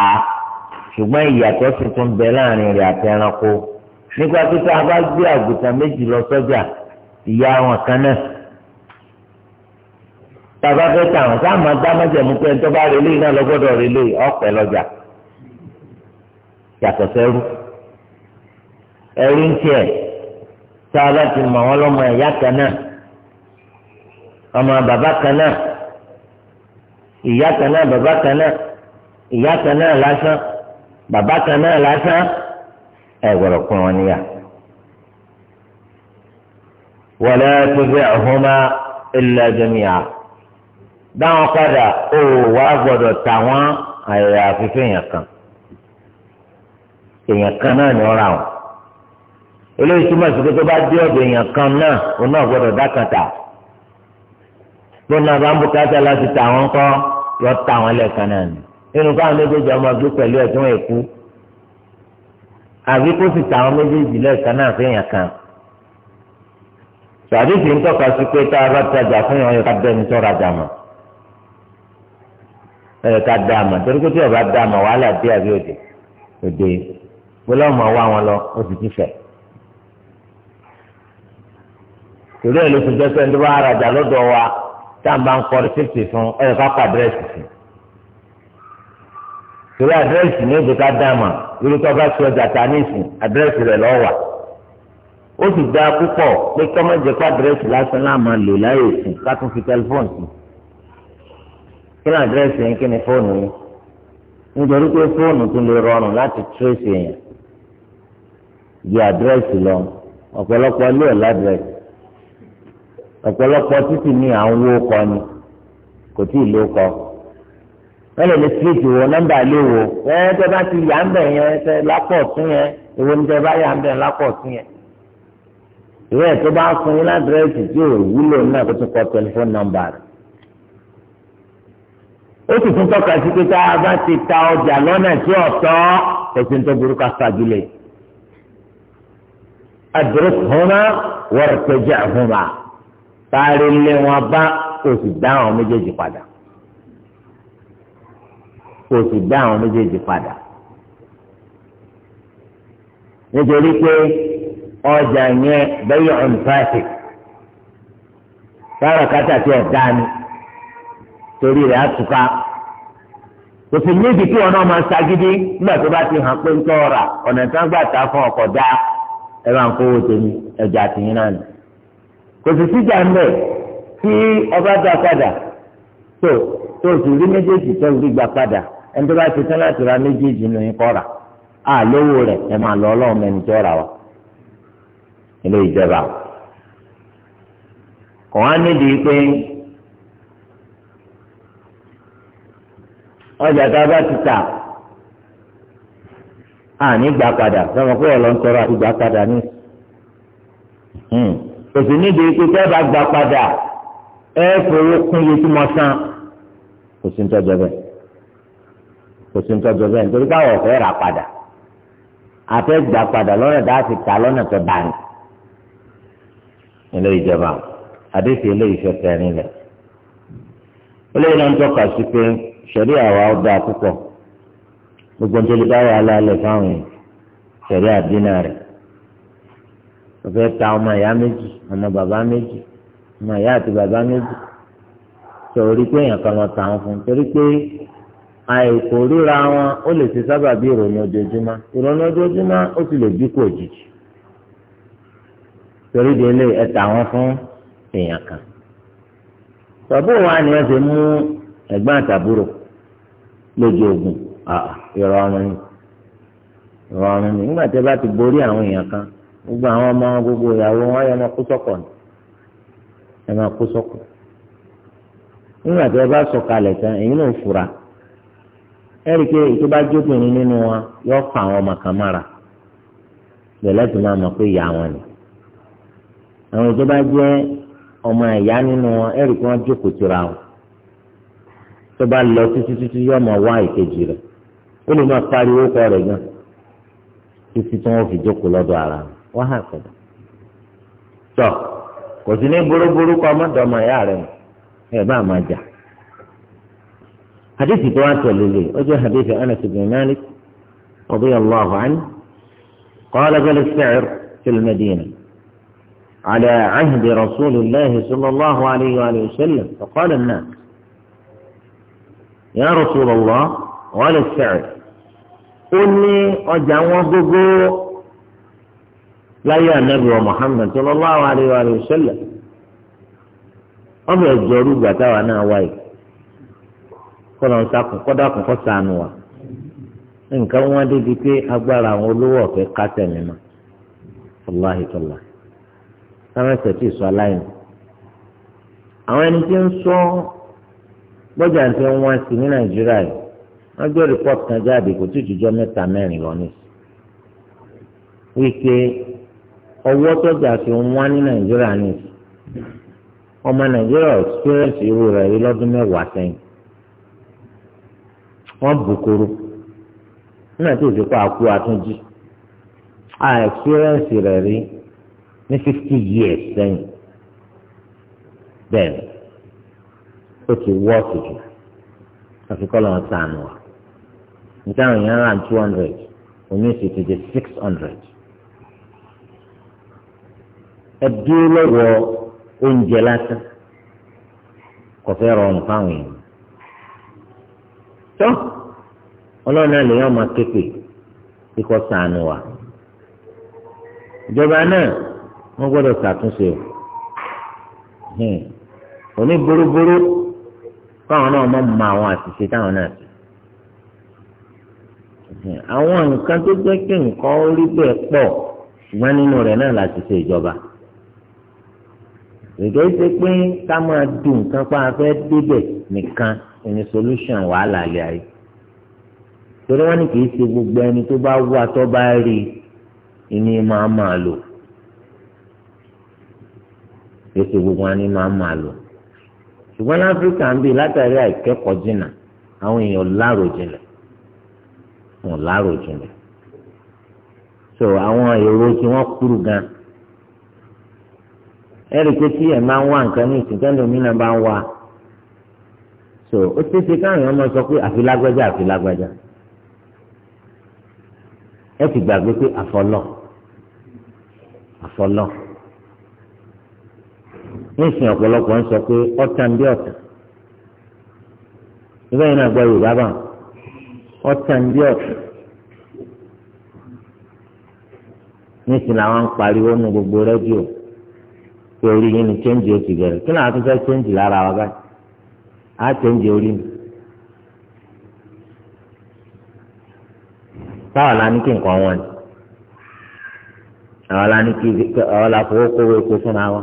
ṣùgbọ́n ìyàtọ̀ sì tún bẹ láàrin rẹ̀ àti ẹranko nípa títà a bá gbé àgùntàn méjì lọ sọ́jà ìyá wọn kan náà tàbá fẹ́ tà wọn sáà máa dá májẹ̀mú pé ẹni tó bá relé náà lọ́gbọ́dọ̀ relé ọ̀pẹ lọ́jà yàtọ̀ sẹ́rú ẹrú ń tiẹ̀ tá a bá ti mọ̀ wọ́n lọ́mọ ẹ̀yà kan náà ọmọ bàbá kan náà ìyá kan náà bàbá kan náà ìyá kan náà lásán bàbá kan náà lásán ẹ̀ gbọ́dọ̀ pín wọn níyà. wala tuzi'huma illa jami'a dáwọn padà ó wà gbọ́dọ̀ tà wọ́n àyà àfihàn èèyàn kan èèyàn kan náà ni ọ̀rà wọn eléyìí túmọ̀ sí pé tó bá dé ọ̀dọ̀ èèyàn kan náà òun náà gbọ́dọ̀ dákan tà lónà bá ń bùkátà láti tà wọ́n kọ́ yọ tà wọ́n lẹ́ẹ̀kan náà ni nínú káwọn méjèèjì ọmọ gbé pẹ̀lú ẹ̀ tí àbí kó sì tà wọ́n méjèèjì lẹ́ẹ̀kan náà fún èèyàn kan tàbí sì ń tọ́ka sí pé tá a bá tajà fún yàn ọ̀yọ́ ká bẹ́ẹ̀ ní tọ́ra jà mọ́ ẹ̀rọ ká dá àmà torí pé tí ọba dá àmà wàhálà dé àbí òde òde gbọ́dọ̀ ọmọ wa wọn lọ ó sì ti fẹ̀. torí ẹ̀ ló ti jẹ́ pé ẹni tó bá arajà lọ́dọ̀ wa tá à ń bá ń kọ́ rìsíìtì fún ẹ̀rọ ká pa àdírẹ́sì sí. torí àdírẹ́sì ní èdè ká dá àmà lórí tó bá ti ọjà ta ní ìsìn àdírẹ́sì rẹ̀ lọ́ wà. ó sì dáa púpọ̀ pé kọ́mọ́jẹ́pá àdírẹ́sì lásán láàmà lò láyè ìsìn ká tún fi tẹlifóònù sí i kí ni àdírẹ́sì yẹn kí ni fóònù yẹn nítorí pé fóònù tún lè rọrùn láti tírèsì yẹn ju àdírẹ́sì lọ ọ̀pọ̀lọpọ̀ ilé ẹ̀ ládírẹ́sì ọ̀pọ̀lọpọ̀ títì ní àwọn owó kọ ni kò tí ì ló kọ wọ́n lè ní síríìtì wo nọ́mbà ilé wo wọ́n tẹ́ bá ti yà ń bẹ̀ yẹn tẹ́ lápọ̀ tún yẹn èwo ni tẹ́ bá yà ń bẹ̀ lápọ̀ tún yẹn ìwé ẹ̀ tó bá fún yín ládírẹ́sì tí ò wúlò náà kó tún kọ tẹlifóònù nọ́mbà rẹ̀ ó sì tún tọ́ka sí pé tá a bá ti ta ọjà lọ́nà tí ọ̀tọ́ ẹ̀sìn tó burúkú aṣáájúlẹ̀ adrukhuma wartaj'huma sáré lé wọn bá kò sì dá àwọn méjèèjì padà kò dá àwọn méjèèjì padà nítorí pé ọjà yẹn bay'un fasik sára kátà tí ọ̀ dání. torí rẹ̀ àtúkà kò sì níbi kí wọn náà máa ṣagídí nígbà tó bá ti hàn pé ń ọ̀rà ọ̀nà tí wọ́n gbà ta fún ọkọ̀ dá ẹ máa ń kówó tèmi àtìyín náà kò sì síjà ń tí ọba dá padà tó tó sì rí méjèèjì tó rí padà ẹni tó bá ti tán láti ra méjèèjì nù kọ́ra á lówó rẹ̀ ẹ máa lọ ọlọ́run mẹ́ni tó wa ilé ìjọba ọjà tá a bá ti tà àní gbà padà sọmọ pé ọ̀lọ́ ń tọrọ àti gbà padà ní. Hmm. kò sì nídìí pé tẹ́ bá gbà padà ẹ fowó kún iye tí mo san kò sí ń tọ́jọ bẹ́ẹ̀ kò sí ń tọ́jọ bẹ́ẹ̀ nítorí báwọ̀ ọ̀fẹ́ rà padà àfẹ́ gbà padà lọ́nà tá a ti tà lọ́nà tó bá ní. ilé ìjọba àdéhùn ilé ìfẹ́ tẹ̀rín lẹ̀. ó lè kà sí pé sẹ̀rí àwa ó dáa púpọ̀ gbogbo nítorí báwa alálẹ̀ fáwọn yìí sẹ̀rí àdínà rẹ̀ wọ́n fẹ́ ta ọmọ ìyá méjì ọmọ bàbá méjì ọmọ ìyá àti bàbá méjì torí pé èèyàn kan lọ ta wọn fún un torí pé àìkò ríra wọn ó lè ṣe sábà bí ìròyìn ojoojúmọ́ ìròyìn ojoojúmọ́ ó sì lè dínkù òjijì torí délé ẹ ta wọn fún èèyàn kan tọ́bù wa ni wọ́n ti mú ẹ̀gbọ́n àtàbúrò lójú ogun a ni ìrọ̀rùn ni nígbà tí a bá ti borí àwọn èèyàn kan gbogbo àwọn ọmọ wọn gbogbo ìyàwó wọn máa kó ni ẹ máa kó nígbà tí a bá tán èyí fura ẹ rí i pé ètò bá jókòó nínú fa àwọn ọmọ kan mára bẹ̀rẹ̀ tó máa mọ̀ pé ìyá wọn ni àwọn ètò tó bá lọ títí títí yóò máa wá ìkejì rẹ̀ ó lè máa pariwo kọ rẹ̀ gan títí tí wọ́n fi jókòó lọ́dọ̀ ara wọ́n hàn kọ́dà. tọ́ kò sí ní burúburú kọ́ ọmọdọ́mọ ìyá rẹ̀ ẹ̀ bá máa jà. hadithi tó حديث تواتر للي وجه حديث أنس بن مالك رضي الله عنه قال بل السعر في المدينة على عهد رسول الله صلى الله عليه وآله وسلم فقال الناس ya Rasulullah wala as-sa'i ó ní ọjà wọn gógó láyé anabi wa Muhammad sallallahu alayhi ọ bụ ọbẹ ẹjọrú gbàtà wà náà wáyé kọlọ nsàkùn kọdà kọ wa nǹkan wọn dị pé agbara àwọn olówó ọ̀fẹ́ ma wàláhi tọ́lá sáwọn ẹsẹ̀ gbọ́dọ̀ àti wọn sí ní nàìjíríà yìí wọ́n gbé rìpọ́t kan jáde kò tí ì jùjọ mẹ́ta mẹ́rin lọ ní. wípé ọwọ́ tọ́jà fi wọ́n ní nàìjíríà ní ọmọ nàìjíríà experience irú rẹ̀ rí lọ́dún mẹ́wàá sẹ́yìn wọ́n bùkúrú nígbà tí òsèpá àkú àtúnjì a experience rẹ̀ rí ní fifty years sẹ́yìn bẹ́ẹ̀ ó ti wọ́ọ̀kì jù àfi kọ́ lọ́wọ́ sànù wa níta àwọn èèyàn rà two hundred òní sì ti di six hundred ẹ dúró lọ́wọ́ oúnjẹ lásán kò fẹ́ rọrùn fáwọn èèyàn tó ọlọ́run náà lèèyàn máa képe kíkọ́ sànù wa ìjọba náà wọ́n gbọ́dọ̀ ṣàtúnṣe o hmm káwọn náà mọ̀ mọ àwọn àṣìṣe táwọn náà ti. àwọn nǹkan tó jẹ́ kí nǹkan rí bẹ́ẹ̀ pọ̀ ṣùgbọ́n nínú rẹ̀ náà láti ṣe ìjọba. ìgbà yìí ṣe pé ká máa du nǹkan pa afẹ́ débẹ̀ nìkan ní solution wàhálà ilé ayé. torí wọ́n ní kì í ṣe gbogbo ẹni tó bá wá tó bá rí ìní máa máa lò. ètò gbogbo wọn máa máa lò ṣùgbọ́n ní áfíríkà ń bì látàrí àìkẹ́kọ̀ọ́ jìnnà àwọn èèyàn lárò jinlẹ̀ wọn lárò jinlẹ̀ so àwọn èrò tí wọ́n kúrú gan ẹ̀rí pé tí ẹ̀ máa ń wá nǹkan ní ìsìnkẹ́lẹ̀ òmìnira bá ń wá so ó ti ṣe káwọn èèyàn máa sọ pé àfi lágbájá àfi lágbájá ẹ ti gbàgbé pé àfọlọ́ àfọlọ́. nísìnyí ọ̀pọ̀lọpọ̀ ń sọ pé ọ̀tàn bí ọ̀tàn ìgbà yìí náà gbọ́ yorùbá bá làwọn ń pariwo nu gbogbo redio pé orí yín ni chẹ́ǹjì ó ti bẹ̀rẹ̀ kí làwọn tó fẹ́ lára wa báyìí á chẹ́ǹjì orí mi. táwa la nǹkan wọn ni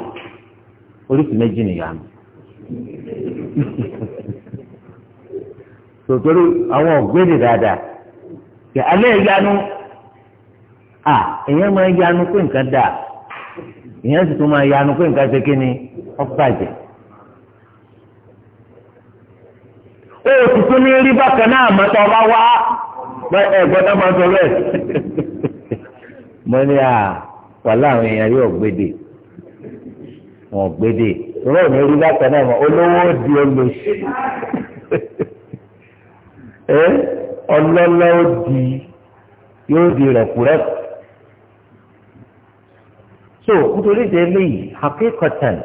oríṣi méjì nìyanu tòtòrò àwọn toro dáadáa kì alẹ́ ìyanu à èèyàn máa yanu pé nǹkan dáa èèyàn sì tún máa yanu pé nǹkan ṣe ni ọ̀bàjẹ́ ó sì tún ní rí bákan náà mọ́tọ́ bá wá ẹ̀gbọ́dọ̀ máa sọ bẹ́ẹ̀ mo ní à wàhálà àwọn èèyàn yóò gbé wọn gbédè rọ ní orí bàtà náà mọ olówó di olóṣì ẹ ọlọ́lá ó di yóò di rẹ̀kúrẹ́kù so nítorí ìdè eléyìí akékọ̀tàn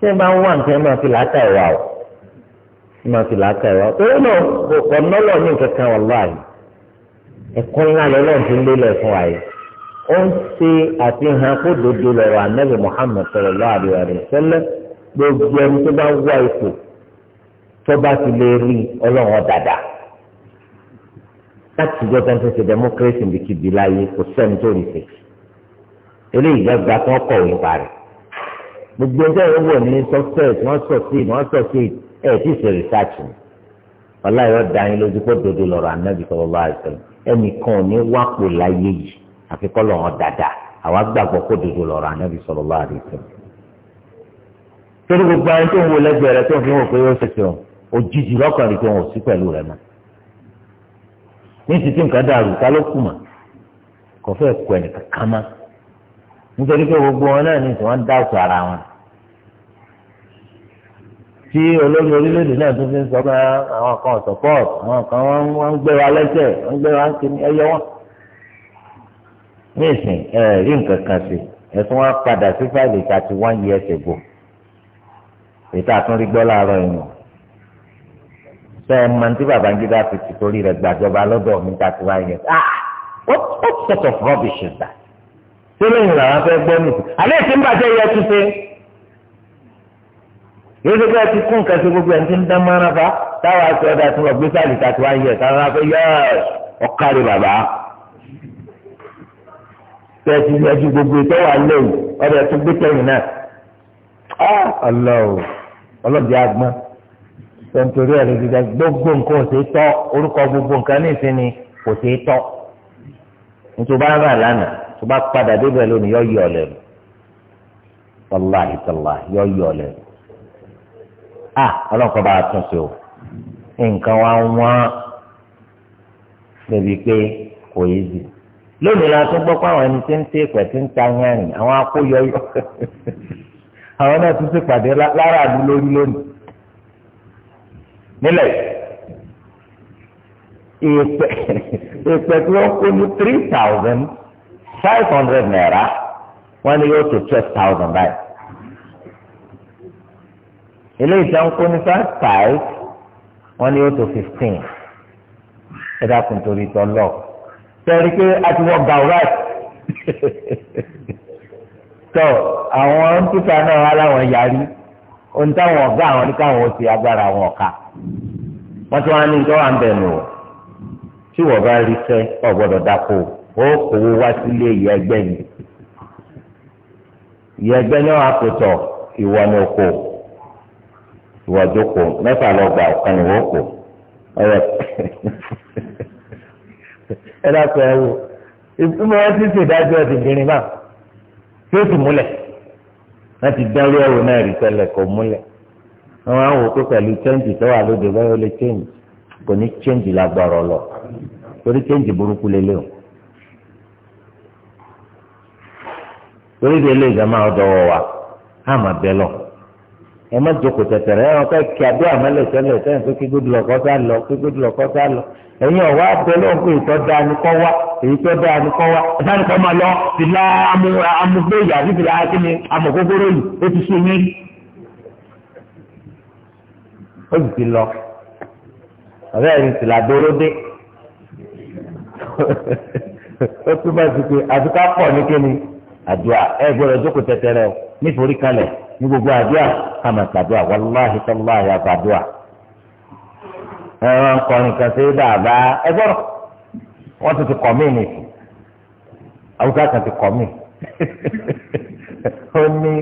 tí ẹ bá ń wà nǹkan ẹ máa fi làákà ẹ̀ wá o ẹ máa fi làákà ẹ̀ wá o torí náà ọ̀nà ọlọ́ọ̀ni kankan wà láàyè ẹ̀kọ́ ńlá lọ́lọ́ọ̀ fi ń lélẹ̀ fún wa yìí ó ń ṣe àfihàn kó dodo lọ́rọ̀ anabi muhammed sallallahu alaihi wa sallam gbogbo ẹni tó bá wá ipò tó bá ti lè rí ọlọ́run dáadáa láti ìjọba tó ń ṣe democracy nìkìbí láyé kò sẹ́ni tó rí ṣe eléyìí gbàgbà tó ń kọ̀wé parí gbogbo ẹjọ́ yẹn wọ̀ ní success wọ́n succeed wọ́n succeed ẹ̀ tí ì ṣe research ni ọláyọ̀ dá lójú pé dodo lọ́rọ̀ anabi sallallahu alaihi wa ẹnìkan ò ní wápò láyé yìí. àfi kọ́ lọ́wọ́ dada àwa kó dodo torí gbogbo àwọn tó ń wo lẹ́gbẹ̀ẹ́ rẹ tó ń fi hàn pé ó ṣe sùn òjijì nwoke rí tó ń sí pẹ̀lú rẹ mọ́. ní títí nǹkan dàrú ló kù kò fẹ́ ara wọn tí olórí orílẹ̀-èdè náà fi ń sọ pé àwọn kan àwọn kan wọ́n ń ní ìsìn ẹ rí nǹkan kan sí ẹ̀sùn wa padà sí fáìlì thirty one years ago ètò àtúndì gbọ́ láàárọ̀ ẹ̀yàn sọ ẹ mọ tí Babangida fi ti torí rẹ̀ gbàjọba lọ́dọ̀ mi thirty one years ah what what sort of rubbish is that ṣé lóyún làwọn fẹ́ gbọ́ nìkú àlẹ́ ìsìn bàjẹ́ yẹ túnṣe yóò ṣe pé ẹ ti kún nǹkan sí gbogbo ẹ̀ ń ti ń dán mọ́ra fa táwa ṣe ọ̀dà tí wọ́n gbé sáàlì thirty one years àwọn afẹ́ yẹ ọ̀kárí bàbá bẹ́ẹ̀ ti yanjú gbogbo ìtọ́ wà lẹ́yìn ọ̀dọ̀ ẹ̀tún gbé tẹ̀yìn náà á ọlọ́ọ̀ ọlọ́ọ̀dẹ agbọ́n tẹ̀ntorí ẹ̀rọ gíga gbogbo nǹkan ò sí tọ́ orúkọ gbogbo nǹkan ní ìsinmi kò sí tọ́ nítorí bá rà lánàá tó bá padà débẹ̀ lónìí yọ yọ ọ̀lẹ̀ rẹ̀ wàláhì tàlá yọ yọ ọ̀lẹ̀ rẹ̀ á ọlọ́ọ̀kọ́ bá tún sí o nǹkan wa wọ́n débi pé kò yé zi lónìí la tó gbọ́ pé àwọn ẹni tí ń tẹ ìpẹ́ tí ń ta yẹn àwọn akóyọyọ àwọn náà tún ti pàdé lára àdú lónìí nílẹ̀ ìpẹ́ tí wọ́n kó ní three thousand five hundred naira wọ́n ní yóò tó twelve thousand báyìí eléyìí tí wọ́n kó ní five five wọ́n ní yóò tó fifteen ẹ̀dá kùn torí tọ́ lọ́ọ̀ tẹ̀rí pé a ti wọ gaurat tọ àwọn títa náà wà láwọn yarí ohun táwọn ọ̀gá àwọn ní káwọn ṣe agbára àwọn ọ̀ka wọ́n ti wá ní ìjọ wa ń bẹ̀ nù tí wọ́n bá rí sẹ́ ọ̀ gbọ́dọ̀ dáko ó kówó wá sílé ìyá ẹgbẹ́ ni ìyá ẹgbẹ́ náà á kò ìwọ ni o kò ìwọ jókòó mẹ́fà lọ́gbà ọ̀kan ìwọ kò ọ̀rẹ́ ẹ dákọ ẹ wò ìfúnmọ́ ẹ ti ṣèdájọ́ ẹ̀dìgbìnrin náà tí ó sì múlẹ̀ láti dárú ẹ̀wò náà rí tẹ́lẹ̀ kò múlẹ̀ wọn á wò pé pẹ̀lú chẹ́ǹjì tó wà lóde báyọ̀ lè chẹ́ǹjì kò ní chẹ́ǹjì lágbọ̀rọ̀ lọ torí chẹ́ǹjì burúkú lélẹ̀ o torí de ilé ìjọba ọ̀dọ̀ wọ̀ wá á mà bẹ́ lọ ẹ má jókòó tẹ̀tẹ̀rẹ̀ ẹ̀rọ ká kí adé àmọ́lẹ̀ tẹ́lẹ̀ tẹ́lẹ̀ tó kí gbódùlọ̀ kọ́tà lọ kí gbódùlọ̀ kọ́tà lọ ẹ̀yin ọ̀wá abẹ́lẹ̀ òkú ìtọ́ da ni kọ́ wá èyí tó da ni kọ́ wá ẹ̀dá ni kọ́ máa lọ fìlà amúgbéyà àbí fìlà akíní amọ̀gógóró yìí ó ti sún yín ó sì ti lọ ọ̀rẹ́ ẹ̀rí fìlà dóró dé ó túbọ̀ sí pé àtúkà pọ̀ ní kíni àdúrà ẹ̀ gbọ́dọ̀ jókòó tẹ̀tẹ̀rẹ̀ níforí kalẹ̀ ní gbogbo àdúrà àmà tàdúrà wàláhi tàláhi kan ṣe é dàbá ẹgbọ́rọ̀ wọ́n ti ti kọ́ mí nìyí awúgá kan ti kọ́ mí ó ní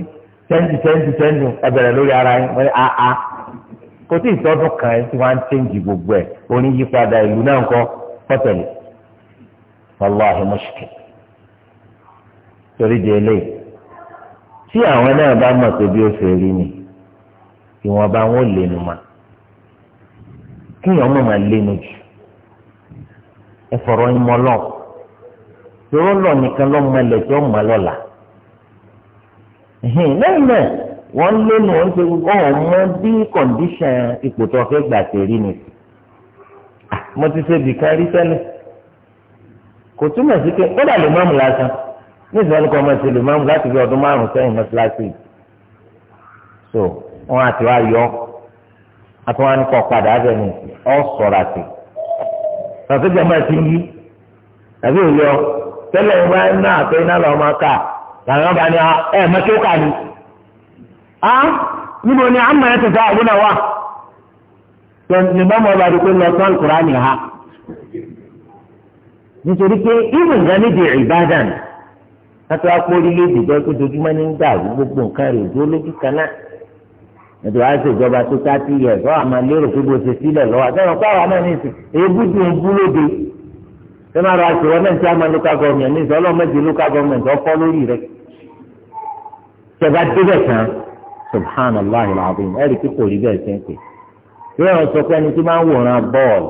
chẹ́ńjì chẹ́ńjì chẹ́ńjì ẹbẹ̀rẹ̀ lórí ara yín wọ́n ní àá ah, ah. kò tí ì kan gbogbo ẹ̀ ìlú náà ń kọ́ wàláhi mọ́ṣíkì torí di eléyìí. tí àwọn náà bá mọ̀ pé bí ó ṣe rí ni ìwọ̀nba wọn ò lẹ́nu mà kíyàn mọ̀ máa lẹ́nu jù ẹ fọ̀rọ̀ yín mọ́ lọ́ọ̀ yọ̀rọ̀ lọ nìkan lọ́ mọ ilẹ̀ tí ó mọ̀ lọ́la lẹ́yìn náà wọ́n lẹ́nu wọn ṣe ọ̀hún mọ bí kọ̀ǹdíṣàn ipò tó fẹ́ gbà ṣe rí ni ah, mo ti ṣe bìkan rí tẹ́lẹ̀ kò túmọ̀ sí pé ó dà lè mọ́mù lásán. nísìnyí wọn kọ́ ọmọ ìṣèlú máa ń láti fi ọdún márùn sẹ́yìn so wọn àti wá yọ ní kọ́ padà sọ̀rọ̀ àti yí tàbí òyọ tẹ́lẹ̀ iná àti iná máa kà làwọn bá ní ah, kà ní. a ah, níbo ni àmọ́ ẹ̀ tẹ̀sán àbúlà wa tẹ̀sán bá mọ̀ ọ́ bá di pé lọ sọ́ọ́ al ha nítorí pé kátó akpọ̀ orílẹ̀-èdè jẹ́ pé dojúmọ́ ní ń dàrú gbogbo nǹkan rẹ̀ dúró lójú kan náà ètò wa ṣe ìjọba tó tààtì yẹ ẹ̀fọ́ àmà lérò pé bó ṣe sílẹ̀ lọ́wọ́ àtẹ̀wọ̀n pé àwọn náà ní ìsìn èébú dùn bú lóde ṣé máa ra àṣìwọ́ náà ti àmà local government ní ìsìn ọlọ́mọdé local government ọkọ́ lórí rẹ̀ ṣẹba débẹ̀ kan subhanallah alazim ẹ̀rí tí kò rí bẹ́ẹ̀ ṣe ń pè bí wọ́n sọ pé ẹni tí máa ń wòran bọ́ọ̀lù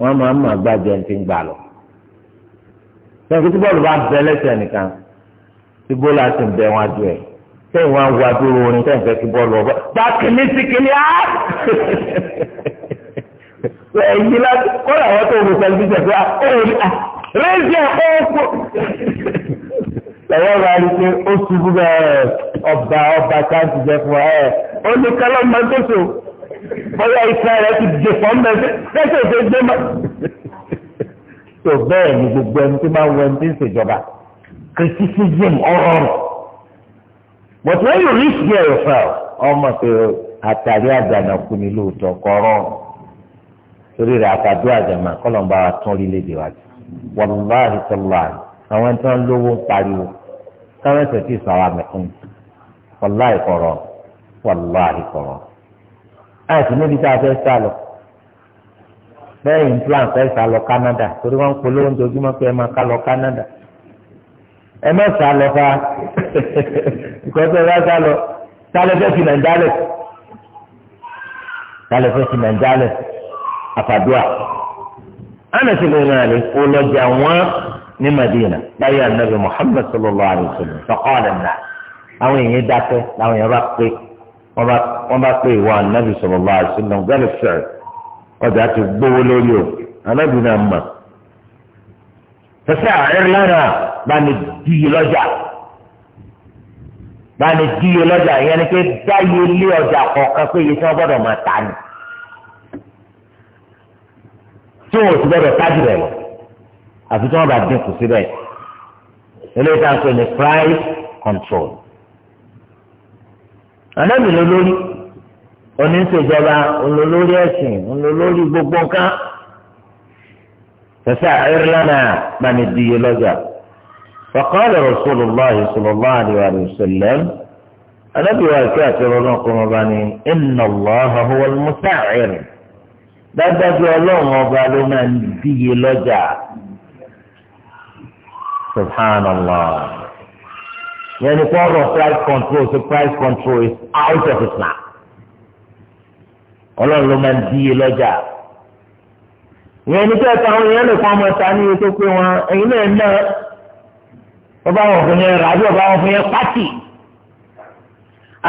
wọ́n máa ń mọ̀ gbàgbé ẹni tí ń gbà lọ igbó láti ń bẹ wọn adùn ẹ sẹ́yìn wọn wá dúró orin sẹ́yìn fẹ́ kí bọ́ọ̀lù ọba gba kìnní sí kìnní á. ẹ̀yin láti kọ́ làwọn tó wù tẹlifíṣàn fún wa ah, ó rí à rédíò ó kú. lọ́wọ́ bá rí pé ó ṣubú bẹ́ẹ̀ ọba ọba káàtì jẹ fún wa ẹ̀ ó ní kálọ́ máa ń tẹ̀sọ̀ bọ́lá ìfẹ́ rẹ ti dè fọ́n bẹ́ẹ̀ tẹ́sọ̀ tó gbé mọ́. tó bẹ́ẹ̀ ni gbogbo ẹni tó máa ń wọ ẹni tí ń ṣèjọba criticism ọ̀rọ̀ but when you reach there yourself ọmọ pé àtàrí àgbànàkú ni lóòótọ́ kọ́rọ́ torí rẹ̀ àtàdó àjàmà kọ́lọ́mbà wa tán orílẹ̀-èdè wa jù wàlúwàhì sọláì àwọn tí wọ́n lówó ń pariwo kárẹ́sì tí sọ̀rọ̀ àmẹ́kùn wàlúwàhì kọ̀rọ̀ wàlúwàhì kọ̀rọ̀ àìsí níbi tá a fẹ́ sá lọ bẹ́ẹ̀ implant fẹ́ sá lọ Canada torí wọ́n ń polówó ń dojúmọ́ pé ẹ máa ká lọ Canada ẹ má sá lọ fa ìkọ́sọ́ ẹ bá sá lọ sálẹ̀ fẹ́ fi nàìjà lẹ̀ sálẹ̀ fẹ́ fi nàìjà lẹ̀ àfàdúà ánàsì lè rìn àlè olọ́jà wọn ní Madina láyé anabi Muhammad sallallahu alayhi wa sallam sọkọ́ọ̀lẹ̀ nà àwọn èèyàn dákẹ́ làwọn èèyàn bá pé wọ́n bá pé ìwọ anabi sallallahu alayhi wa sallam ọjà ti gbówó lórí o anabi náà mọ̀ tẹsẹ àárín lánàá bá ní díye lọ́jà bá ní díye lọ́jà ìyẹn ni pé dáyé lé ọjà kọ̀ọ̀kan pé iye tí wọ́n gbọ́dọ̀ máa tà ní tí wọn ò sì gbọ́dọ̀ tájú rẹ̀ lọ àfi tí wọ́n bá dínkù síbẹ̀ eléyìí tá à ń pè ní price control ànábì ló lórí oníṣèjọba olólórí ẹ̀sìn olólórí gbogbo nǹkan. فسعر لنا من الدي لجا فقال رسول الله صلى الله عليه وسلم أنا بواكاتر لكم بني إن الله هو المسعر dájú ọlọ́run ọba ló máa ń díye lọ́jà subhanallah yẹn ni kọ́ ọ̀rọ̀ price control so price control is out of Islam ọlọ́run ló máa ń díye lọ́jà ìyẹn ní kí ẹ̀ka àwọn èèyàn lè kọ́ ọmọ ta ní iye tó pé wọn ẹ̀yin náà ná ọba wọn fún yẹn rà àbí ọba wọn fún yẹn pátì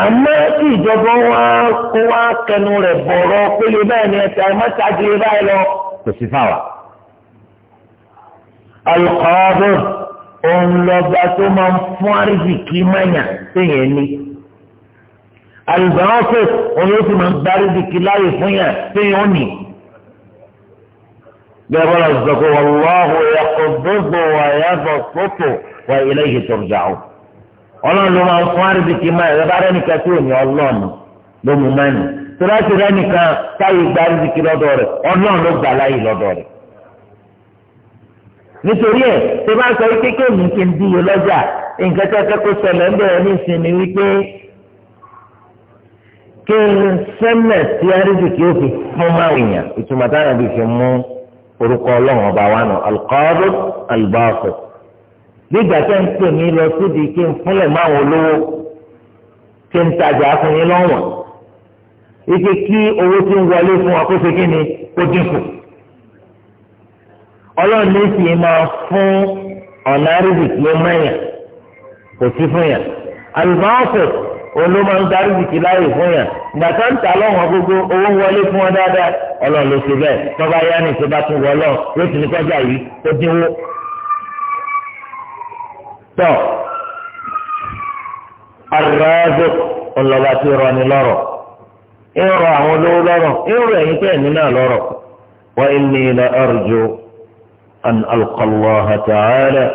àmọ́ tí ìjọba wa kó wá kẹnu rẹ̀ bọ̀rọ̀ pélé báyìí ni ẹ̀sẹ̀ àmọ́tàjì báyìí lọ kò sí fáwa. alùpàdé òun lọ́ba tó máa ń fún àríjìkí mọ́nyà téèyàn ní. alùpàdé òun ló sì máa ń gba àríjìkí láàyè fún yàn téèyàn ní gẹ́gẹ́ bọ́lá sọ pé wàlláhu yakububu wa yabasutu wa ilayhi turja'u. ọlọ́run ló máa ń fún àrídìkì máa ẹ̀rọ bá rẹ́nìkan tí ò ní ọlọ́run ló mú mẹ́nu tìrẹ́sì rẹ́nìkan táyé gba àrídìkì lọ́dọ̀ rẹ̀ ọlọ́run ló gbà láyè lọ́dọ̀ rẹ̀. nítorí ẹ̀ tó bá sọ wípé kí èmi kí n díye lọ́jà nǹkan tó kẹ́kọ̀ọ́ ṣẹlẹ̀ ń bẹ̀rẹ̀ ní ìsinmi wípé kí n sẹ́lẹ̀ tí àrídìkì ó fi fún orúkọ ọlọ́run ọba wa nù alqaabid albaafid gbígbà tẹ́ ń pè mí lọ síbi kí n fúnlẹ̀ máwọn olówó kí n tajà fún yín lọ́wọ́n ike kí owó tí ń wọlé fún wa kó ṣe kí ni kó dínkù ọlọ́run ní sì máa fún ọ̀nà àrídìkì ló mẹ́yà kò sí fún yà albaafid òun ló máa ń darí jìkì láàyè fún yàn ìgbà tó ń ta lọ́wọ́n gbogbo owó wọlé fún wọn dáadáa ọlọ́run ló ṣe bẹ́ẹ̀ tọ́ba yá ni ìṣèbá tún wọ lọ yóò ti ní kọjá yìí tó dínwó. tọ́ arọ́dọ̀ ọlọ́ba ti rọ ni lọ́rọ̀ ń rọ àwọn olówó lọ́rọ̀ ń rọ ẹ̀yin tẹ́ ẹ̀mí náà lọ́rọ̀ wọ́n ń ní ilẹ̀ ọ̀rọ̀ ju an alqallaha ta'ala.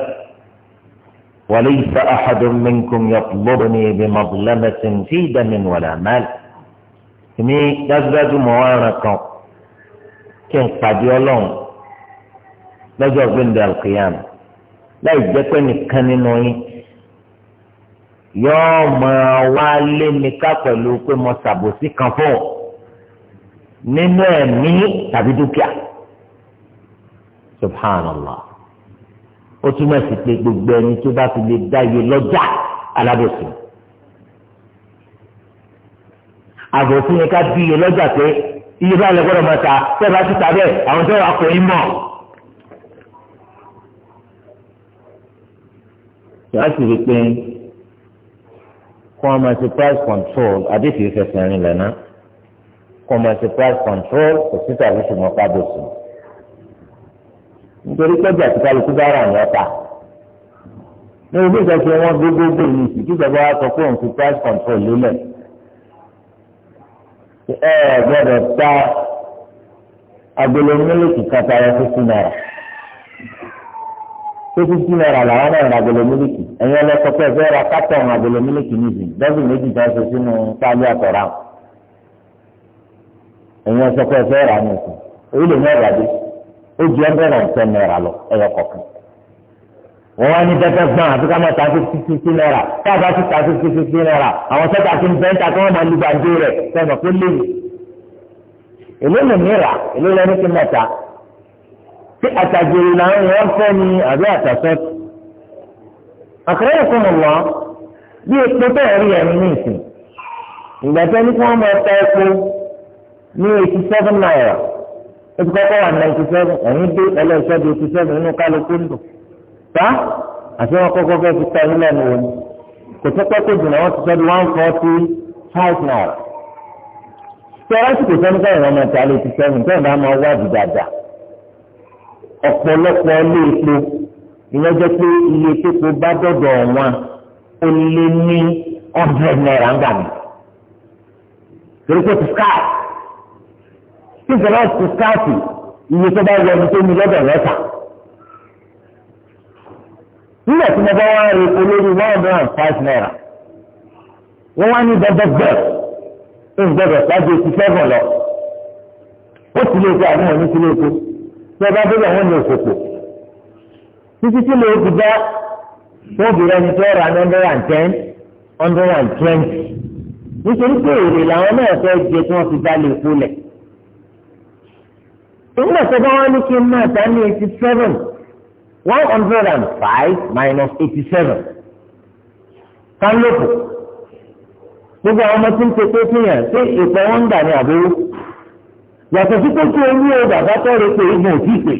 وليس أحد منكم يطلبني بمظلمة في دم ولا مال إني دزدز موارقا كن قد يولون lọ́jọ́ gbẹ̀ndẹ̀ alqiyam láì jẹ́ pé nìkan nínú yín yọ́ọ́ máa wá lé mi ká pẹ̀lú pé mo ṣàbòsí kan fún ọ nínú ẹ̀mí tàbí dúkìá subhanallah ó túmọ̀ sí pé gbogbo ẹni tó bá fi lè dáyé lọ́jà alábòsí. àbòsí yẹn ká bí iye lọ́jà pé iye bá lè gbọ́dọ̀ máa ta tẹ́ bá ti ta bẹ́ẹ̀ àwọn tó wà kò í mọ̀. yàrá sì rí i pé kó ọmọ ti price control adéfìí fẹsẹ̀ rìn lẹ́nà kó ọmọ ti price control kò sí tàbí ṣùgbọ́n kábòsí nítorí pẹ́jà tí kálukú bá rà ní ọ̀tà ní ojú ìjọba ṣe wọ́n gbogbogbò yìí sì kí ìjọba wa sọ pé òun fi price control lélẹ̀ ẹ ẹ gbọ́dọ̀ ta agolo mílíkì kata ẹ fífi náírà fífi náírà làwọn náà ra agolo mílíkì ẹ̀yin ọlọ́kọ̀ pé ẹ̀fẹ́ ra kátọ̀n agolo mílíkì nìyí dọ́sìn méjì tó ṣe sínú pálí àtọ̀rà ẹ̀yin ọ̀sọ̀ pé ẹ̀fẹ́ rà ní ọ̀sán orílẹ̀ náírà dé ó ju ẹgbẹ̀rún ọ̀sẹ̀ náírà lọ ẹyọ kọ̀ọ̀kan wọ́n wá ní dẹ́gbẹ́ gbọ́n àti ká máa ta fífi fífi náírà tá a bá ti ta fífi fífi náírà àwọn sẹ́ta ti ń bẹ́ ń ta kí wọ́n máa lu gbàǹdé rẹ̀ sẹ́nà kó léwu èló lè mìíràn èló lẹ́ni kí mẹ́ta tí àtàjèrè làwọn èèyàn fẹ́ ni àbí àtàfẹ́ àkàrẹ́yìn fún wọn bí epo bẹ́ẹ̀ rí ẹ̀mí ní ìsìn ìgbà tẹ́ni kí wọ́n máa ta epo ní eighty seven naira ó ti kọ́kọ́ wà ninety seven ẹ̀yin dé ẹlẹ́sẹ̀ di eighty seven inú kálukú ń dùn tá àti wọn kọ́kọ́ fẹ́ fi tẹ́ nílẹ̀ nìwọ̀n kò tó pẹ́ kó jìnnà wọn ti sọ di one forty five naira tí ọlá sì kò sẹ́ni káyọ̀ wọn máa ta lé eighty seven tí wọn bá máa wá di ọ̀pọ̀lọpọ̀ ilé epo ìyẹn jẹ́ pé iye epo bá dọ̀dọ̀ wọn ó lé ní hundred naira ń gbà mí torí pé ti sky tí ìjọba ti káàtì iye tó bá wọ ibi tó ní lọ́dọ̀ rẹ̀ ta. nígbà tí mo bá wá rí olórí one hundred and five naira wọ́n wá ní dandan bẹ́ẹ̀ ń gbọ́dọ̀ ṣáájú eighty seven lọ. ó ti lè kó àbí wọn ní ti lè kó tí ọba bẹ́ẹ̀ wọ́n ní òkòkò. títí tí lè ti bá wọ́n bèrè ẹni tó ra hundred and ten hundred and twenty nítorí pé èrè làwọn náà fẹ́ jẹ tí wọ́n fi dá lè kó lẹ̀ nígbà tó bá wá ní kí n máa ta ní eighty seven one hundred and five minus eighty seven kálọ́pù gbogbo àwọn ọmọ tí ń pépé fún yàn ṣé ìpè wọn ń gbà ní àbúrò yàtọ̀ sí pé kí o ní o bàbá tó rẹ pé ìgbà òtí pè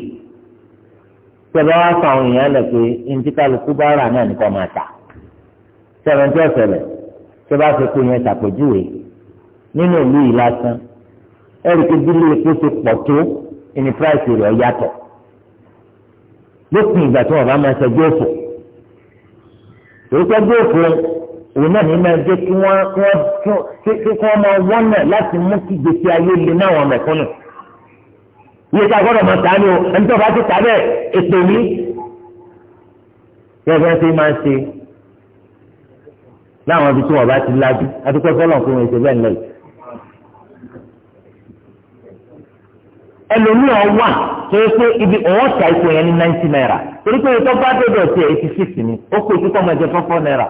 tẹ̀lé wá fún àwọn èèyàn lẹ̀ pé ní kálukú bá rà náà nìkan máa tà sẹ̀rẹ̀ntì ọ̀sẹ̀lẹ̀ tó bá fi kú yẹn ṣàpèjúwe nínú ìlú yìí lásán ẹ̀rí pé bí pọ̀ tó ìní price rẹ̀ yàtọ̀ lópin ìgbà tí wọ́n bá máa ṣẹjọ́ òfò èyíkẹ́ bí òfò òun náà ní máa jẹ́ kí wọ́n kí wọ́n máa wọ́nà láti mú kí gbèsè ayé le náà wọn mẹ̀kúnnù iye tí a gbọ́dọ̀ máa tà ní o ẹni tó bá ti tà bẹ́ẹ̀ ètò mi kí ṣe máa ṣe láwọn ibi tí wọ́n bá ti lajú adúpẹ́ fọlọ́n fún wọn ṣe bẹ́ẹ̀ lẹ́yìn. ẹlòmíràn wà tó yẹ pé ibi òun ọ̀sà ipò yẹn ní náìtì náírà torí pé ìtọ́ bá dé dọ̀tí ẹ̀ eighty six ni ó kó ikú kọ́mọ ẹ̀jẹ̀ fọ́fọ́ náírà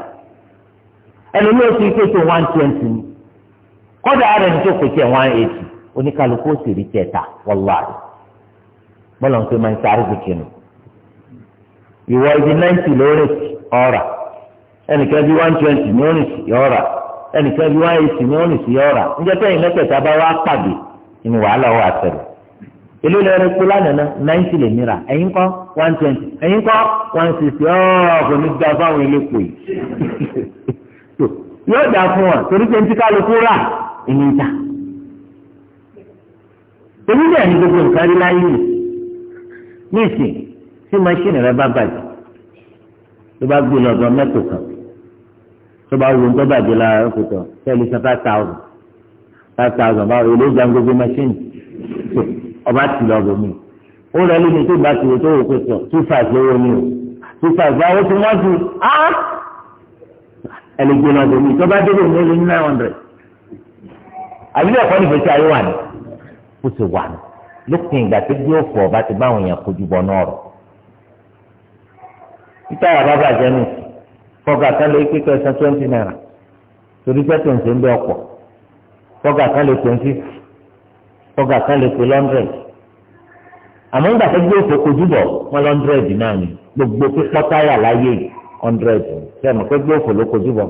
ẹlòmíràn ti pé tó one twenty ni kọ́dà ara ẹni tó kò tiẹ̀ one eighty oníkàlùkù ó sì rí kẹta wàláhì bọ́lá ń pè máa ń sáré kìkì nù ìwọ ibi náìtì lórí ọ̀rà ẹnìkan bí one twenty ní ònìsì yọ̀ọ̀rà ẹnìkan bí one eighty ní ònìsì yọ̀ọ̀rà ń èló lè rẹ pé lánàá náìtì lè mìíràn ẹ̀yin kọ́ one twenty ẹ̀yin kọ́ one sixty ọ̀ọ́ kò ní gba fáwọn elépo yìí yóò dà fún wọn torí pé ntí kálukú rà èmi ta èmi náà ní gbogbo nǹkan rí láyé yìí ní ìsìn tí machine rẹ bá bàjẹ́ tó bá gbé lọ́dọ̀ mẹ́tò kan tó bá wo nǹkan bàjẹ́ lára ẹ̀kọ́ tó tẹ́lẹ̀ sọ five thousand five thousand báwo èlé ìjà gbogbo machine ọba ti lọ bò mí ó rẹ lómi tó bá ti wò tó wò pé tọ two five lówó ni o two five báwo tó wọ́n ju á ẹlẹgbẹ́ lọ bò mí tó bá débò mí ó lé ní nine hundred àbílẹ̀ ẹ̀kọ́ nífẹ̀ẹ́ sí ayé wà ní kó sì wà ní lópin ìgbà tó gbé òfò ọba ti bá àwọn èèyàn kojú bọ náà rọ títà yàrá bàjẹ́ nù fọgà kan lè kẹsàn twenty naira torí pẹ́tẹ̀ǹsì ń bẹ ọ̀pọ̀ fọgà kan twenty ọgá kan lè pe lọ́ndrẹ̀d àmọ́ nígbà tó gbé òfò kojú bọ̀ wọ́n lọ́ndrẹ̀d náà ni gbogbo pípọ́ táyà láyé ọ̀ndrẹ̀d sẹ́mi pé gbé òfò ló kojú bọ̀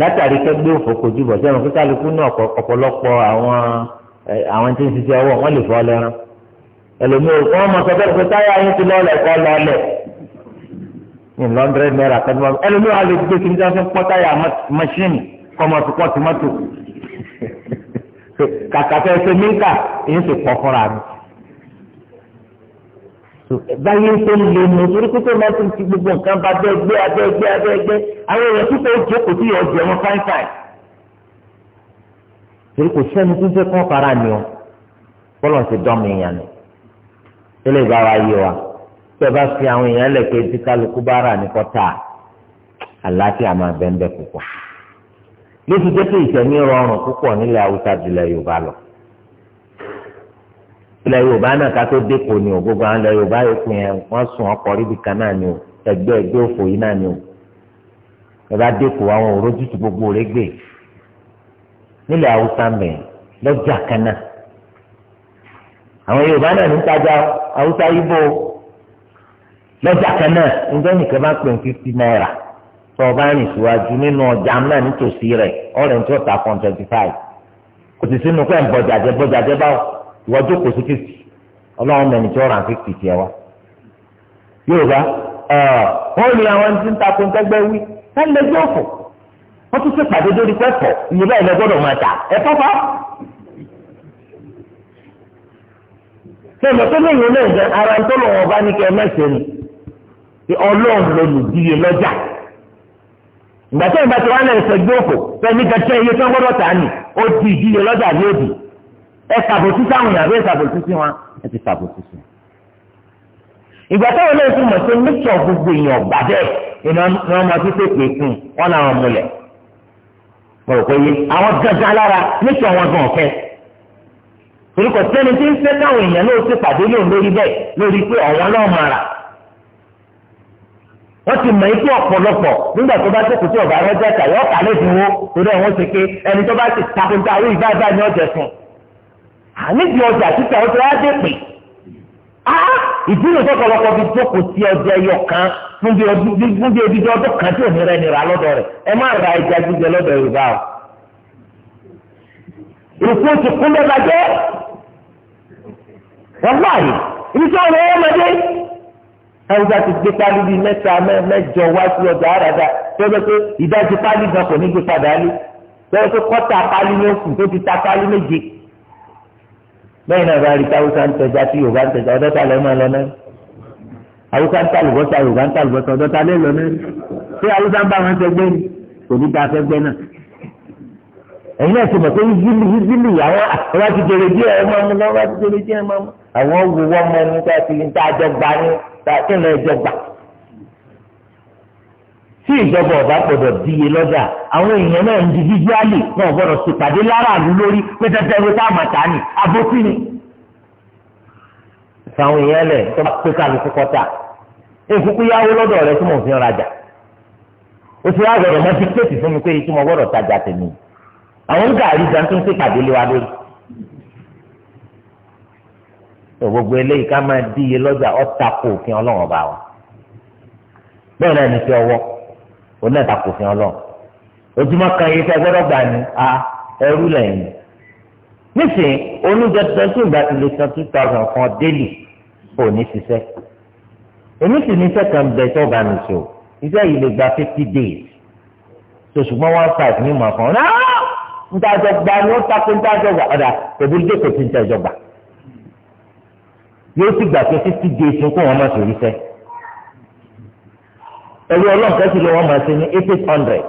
látàrí pé gbé òfò kojú bọ̀ sẹ́mi pé kálukú náà ọ̀pọ̀lọpọ̀ àwọn àwọn tí ń ṣiṣẹ́ ọwọ́ wọ́n lè fọ́ lẹ́rán ẹlòmíràn wọ́n mọ̀ sọ bẹ́ẹ̀ pé táyà yín ti lọ́ọ̀lẹ̀ kọ́ lọ́ọ̀lẹ̀ ìlọ́ndrẹ́d náírà kan mọ́ ẹlòmíràn lè gbé kí ní kàkà fẹ́ ṣe mí kà èyí sì pọ̀ fúnra mi. báyìí tó lè mú torí pé tó máa ti gbogbo nǹkan bá bẹ́ẹ̀ gbé abẹ́ gbé abẹ́ gbé àwọn èèyàn tó fẹ́ jókòó tí yóò jẹ wọn fáin torí kò sẹ́ni tó fẹ́ kọ́ fara ni o bọ́lọ̀ ti dán mi wa yé wa tẹ́ bá fi àwọn èèyàn bá rà ní ló ti jẹ́ pé ìsẹ̀mí rọrùn púpọ̀ nílẹ̀ haúsá jùlọ yorùbá lọ ilẹ̀ yorùbá náà ká tó dépò ni o gbogbo àwọn ilẹ̀ yorùbá yòókù yẹn wọ́n sùn ọkọ̀ ríbi kan náà ni o ẹgbẹ́ ẹgbẹ́ òfò yìí náà ni o ẹ bá dépò àwọn òrójútù gbogbo rẹ gbé nílẹ̀ haúsá mẹ́ lọ́jà kan náà àwọn yorùbá náà ń tajà haúsá yìí bò lọ́jà kan náà ń gbẹ́ nìkan bá pè ní fifty naira. tó o rìn síwájú nínú ọjà náà nítòsí rẹ̀ ọ̀rẹ́ tí ó ta fún twenty five kò sì sínú pẹ́ ìwọ́jú kò sí fifty ọlọ́run mẹ́ni tí ó ràn fifty tiẹ̀ wá. Yorùbá wọ́n ní àwọn tí ń ta fún wí fò wọ́n tún lórí pẹ́pọ̀ máa tà ẹ fọ́fọ́. lóyún ara ìgbà tí ìgbà tí wọn lè sọ gbé òkò fẹmi kẹtẹ iye tí wọn gbọ́dọ̀ tà ní ó di ìdíye lọ́jà ní òdì ẹ sàbòtú sáwọn yàrá ẹ sàbòtú sí wọn ẹ ti sàbòtú sí wọn. ìgbà tí wọn lè fún mọ̀ sí mítọ̀ gbogbo èèyàn ọ̀gbà bẹ́ẹ̀ iná ni wọn máa fi pèpè fún wọn làwọn múlẹ̀. mo rò pé yé àwọn gangan lára mítọ̀ wọn gan ọ̀kẹ́. torí kò sẹ́ni tí ń fẹ́ káwọn èèyàn lóò ti pàdé lóun lórí bẹ́ẹ̀ lórí pé ọ̀wọ́n náà máa rà wọ́n ti mọ̀ ikú ọ̀pọ̀lọpọ̀ nígbà tó bá tẹ̀kù tí ọ̀gá rọ́jà kà yọ ọ̀kà lẹ́sìn wo torí àwọn ṣe pé ẹni tó bá ti takunta àwọn ìgbàgbà ni ọ̀jẹ̀ fún un. àníbi ọjà títà ọjọ́ adé pè á ìdílé tó fi jókòó sí ọjà ẹyọ kan fún bí odidi ọdún kan tí òní rẹ nira lọ́dọ̀ rẹ̀ ẹ má ra ẹja jíjẹ lọ́dọ̀ Yorùbá o. ìkú ti kún lọ́dọ̀ ẹnìjà ti gbé pálí bíi mẹ́ta mẹ́jọ wá sí ọjà àràdà tó yẹ pé ìdajì pálí gan kò ní gbé padà lé tó yẹ pé kọ́tà pálí ní oṣù tó ti ta pálí méje bẹ́ẹ̀ náà bá rí táwùsá ń tẹja tí yorùbá ń tẹja ọ̀dọ́ta lẹ́ máa lọ náà àwùsá ń ta àlùbọ́sà yorùbá ń ta àlùbọ́sà ọ̀dọ́ta lẹ́ lọ náà ṣé àwùsá ń bá wọn ṣẹgbẹ́ ni kò ní ta fẹ́gbẹ́ náà ẹ̀yin náà ti mọ̀ pé hizili hizili àwọn ọba ti jèrè díẹ̀ ẹ máa mú lọ ọba ti jèrè díẹ̀ ẹ máa mú àwọn wo wọ́n mọ ẹni tá a ti ń tá a jọ gbà ní tá a tẹ̀lé ẹjọ́ gbà. tí ìjọba ọba gbọ́dọ̀ díye lọ́jà àwọn èèyàn náà ń di fíjúálì wọn gbọ́dọ̀ ṣèpàdé láràlú lórí pé tẹ́tẹ́ ló tá a mà ta ni abótí ni. sàwọn èèyàn lẹ̀ tó bá pé kálukú kọ́ta èkúkú yáwó lọ́dọ̀ rẹ tí mo fi ń rajà àwọn gàrí gan tó ń ṣe pàdé lé wa lórí gbogbo eléyìí ká máa díye lọ́jà ọ̀tàkù òfin ọlọ́run ọba wa bẹ́ẹ̀ náà ní fi ọwọ́ òun náà takò ọlọ́run ojúmọ́ kan yìí fẹ́ gbọ́dọ̀ gbà ní a ẹrú lẹ́yìn nísìnyí onídọ́tọ́ tí ìgbà tí lè san two thousand kan délì kò ní ṣiṣẹ́ èmi sì ní iṣẹ́ kan bẹ̀ tó bá mi sọ iṣẹ́ yìí lè gba fifty days so one five ní ìmọ̀ kan náà ntaajọ gba ni ó takò ntaajọ gba ọ̀dà tòbí dé kò sí ntaajọ gba yóò sì gbà pé títí di èso kó wọn má sòrí sẹ ẹ̀rọ ọlọ́ọ̀kẹ́ sì lé wọn máa ṣe ní eight hundred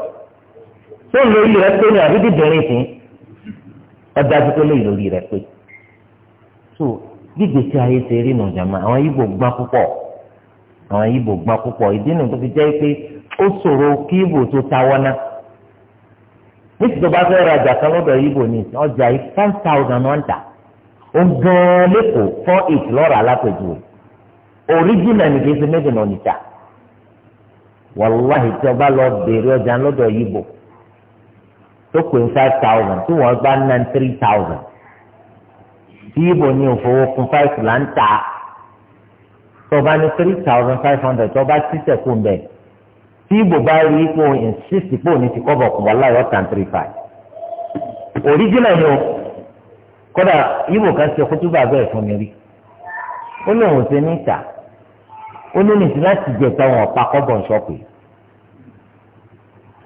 tó lórí rẹ pé ní àbídí bẹ̀rẹ̀ sí ọjà tó lè lórí rẹ pé tó gbígbé tí ayé ṣe rí nàjàmá àwọn Ìgbò gbọ́n púpọ̀ àwọn Ìgbò gbọ́n púpọ̀ ìdí nù tó fi jẹ́ pé ó ṣòro kí Ìgbò tó táwọ́ náà nítorí tó bá fẹ́ rajà kan lọ́dọ̀ ibo ní ọjà yìí five thousand wọ́n tà ó gan-an lẹ́kọ̀ọ́ four eight lọ́ọ̀rọ̀ alápèjúwe original ní kí n ṣe méjì náà níta wàláhì tí ọba lọ bèrè ọjà lọ́dọ̀ ibo tó pè ní five thousand tí wọ́n bá ná three thousand tí ibo ní òfowó kún five là ń tà tó ní three thousand five hundred tó títẹ̀ kún bẹ́ẹ̀ tí ibo bá rí ipò insist pò ní ti kọ́bọ̀ kùn wọ́n láyọ̀ tàn three five original ni o kódà ibo kan ṣe kútúbà bẹ́ẹ̀ fún mi rí ó ní òun ṣe ní ìta ó ní nìtí láti jẹ táwọn ọ̀pá kọ́bọ̀ ń ṣọ́pì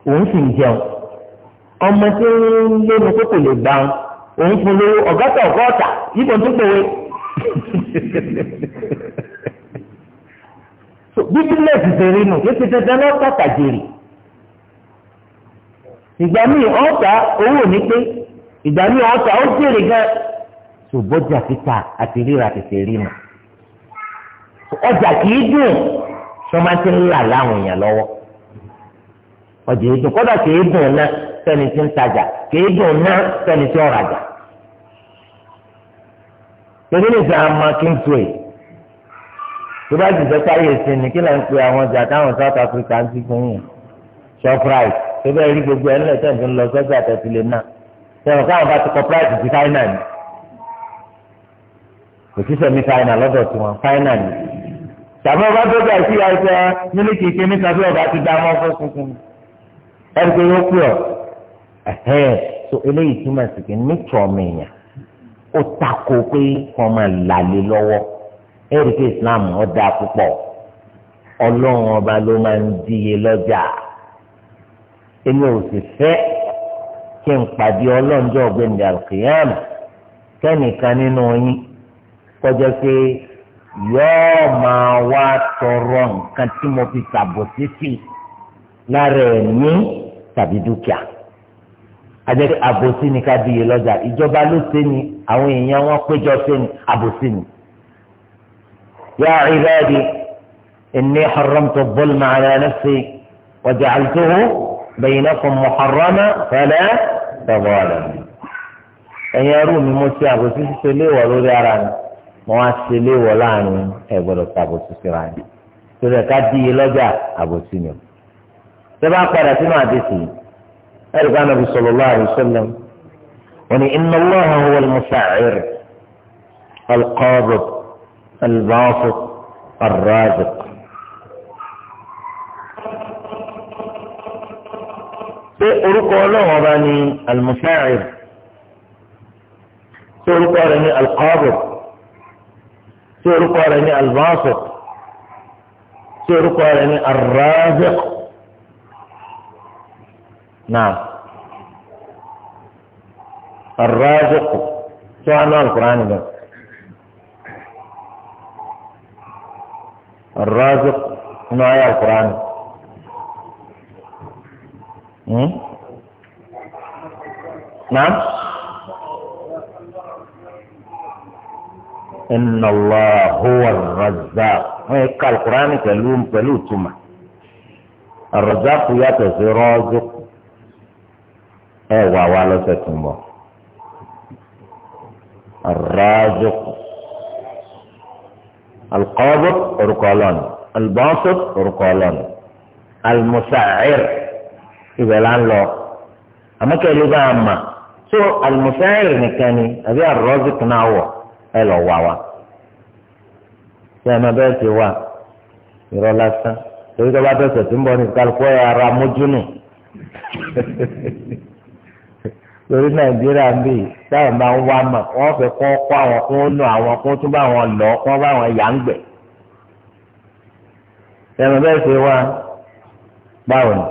òun sì ń jẹun ọmọ tí ń lénu tó kò lè gbà òun fún lówó ọ̀gá tó ọ̀gá ọ̀tà ibo tó pèwé bí bílẹ̀tì ṣe rí nù yóò ti dandan lọ́tà kàjèrè ìgbà míì ọ̀tà owó ní pé ìgbà míì ọ̀tà ó jèrè gan ṣùgbọ́jà títà àti rírà tètè rí nù ọjà kì í dùn sọmá ti ń là láwọn èèyàn lọ́wọ́ ọjà èdùn kọ́dà kì í dùn náà sẹ́ni tí ń tajà kì dùn náà sẹ́ni tí ó rajà torí nìkan máa kí n tó èyí tó bá jù sẹ́ka yìí sí ni kí ló ń pe àwọn ọjà táwọn South Africa ń ti fún yìí Shoprite tó bẹ́ẹ̀ rí gbogbo ẹ̀ ńlẹ̀ tẹ̀sán lọ sọ́jà tẹ̀sílẹ̀ náà tẹ̀wọ̀n káwọn bá ti kọ price ti China ni kò sí sẹ́mi China lọ́dọ̀ tí wọ́n China ni tàbí ọba tó bá sí àìsàn ah, mílíkì kíní tàbí ọba ti dá wọn fún fún ẹni pé ó kú ọ ẹhẹn so eléyìí túmọ̀ sí pé nítorí ọmọ èèyàn ó takò pé kọ́ máa làlé lọ́wọ́ ẹ̀rí pé islam ọ̀dà púpọ̀ ọlọ́run ọba ló máa ń díye lọ́jà èmi ò sì fẹ́ kí n pàdé ọlọ́njọ́ ọ̀gbẹ́ni alkiyam kẹ́nìkan nínú yín kọjá pé yọ́ọ́ máa wá tọrọ nǹkan tí mo fi ṣàbòsí lára ẹ̀mí tàbí dúkìá àjẹ́ pé àbòsí ni ká díye lọ́jà ìjọba ló ṣe ni àwọn èèyàn wọn péjọ ṣe àbòsí ni. يا عبادي إني حرمت الظلم على نفسي وجعلته بينكم محرما فلا تظالم أن يروا من موسى أبو سيسلي ولو ذاران مواسلي ولان أبو أبو سيسلي سيدي كدي لجا أبو سيسلي تبا قال سنة عدسي أرقى النبي صلى الله عليه وسلم وني إن الله هو المسعر القابض الباسط الرازق اورقو الله وباني المساعد اورقو رني القابض اورقو رني الباسط اورقو رني الرازق نعم الرازق سبحان القران بس الرازق هنا آية القرآن نعم إن الله هو الرزاق هيك القرآن كلوم كلوتما الرزاق يأتي رازق أو أيوة والله الرازق alqabid orúkọ ọlọ́ni albasit orúkọ ọlọ́ni almusa'ir ibẹ̀ la ń lọ amákẹ́lẹ́ bá a mà so almusa'ir nìkan ni àbí arrazik náà wọ̀ ẹ lọ wá wa ṣé ẹ máa bẹ́ẹ̀ ti wá irọ́ lásán torí tó bá tẹ̀sẹ̀ tó ń bọ̀ ní kálukú ẹ̀ ara mójúnù. torí nàìjíríà ń bì táwọn bá ń wá mà wọ́n fẹ́ kọ́ kọ́ àwọn kó ń nù àwọn kó tún bá wọn lọ kó bá wọn yà ń gbẹ̀. ẹnu bẹ́ẹ̀ ṣe wá báwo ni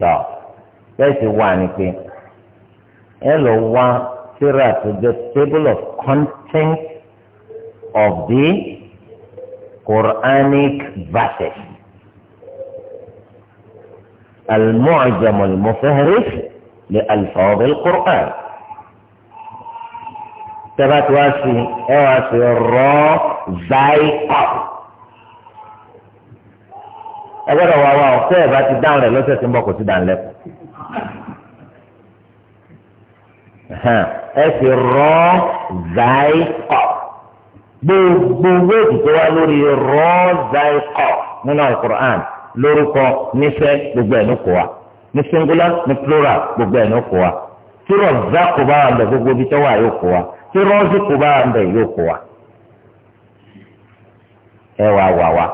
tọ́ bẹ́ẹ̀ ṣe wá ni pé ẹ lọ wá síra to the table of contents of the Quranic verses. المعجم المفهرس لألفاظ القرآن تبات واسي واسي الرا زاي قاف أبدا واوا وكيف باتي داون لو تسمبوكو تدان لك ها ẹsì rọ zaikọ gbogbo wéèdì tó wá lórí rọ zaikọ nínú lórúkọ níṣẹ́ gbogbo ẹ̀ ló kó wa ní singular ní plural gbogbo ẹ̀ ló kó wa tí rọ̀zá kò bá wà ńbẹ gbogbo ibi tó wà yóò kó wa tí rọ́ọ̀sì kò bá wà ńbẹ yóò kó wa. ẹ wà wà wá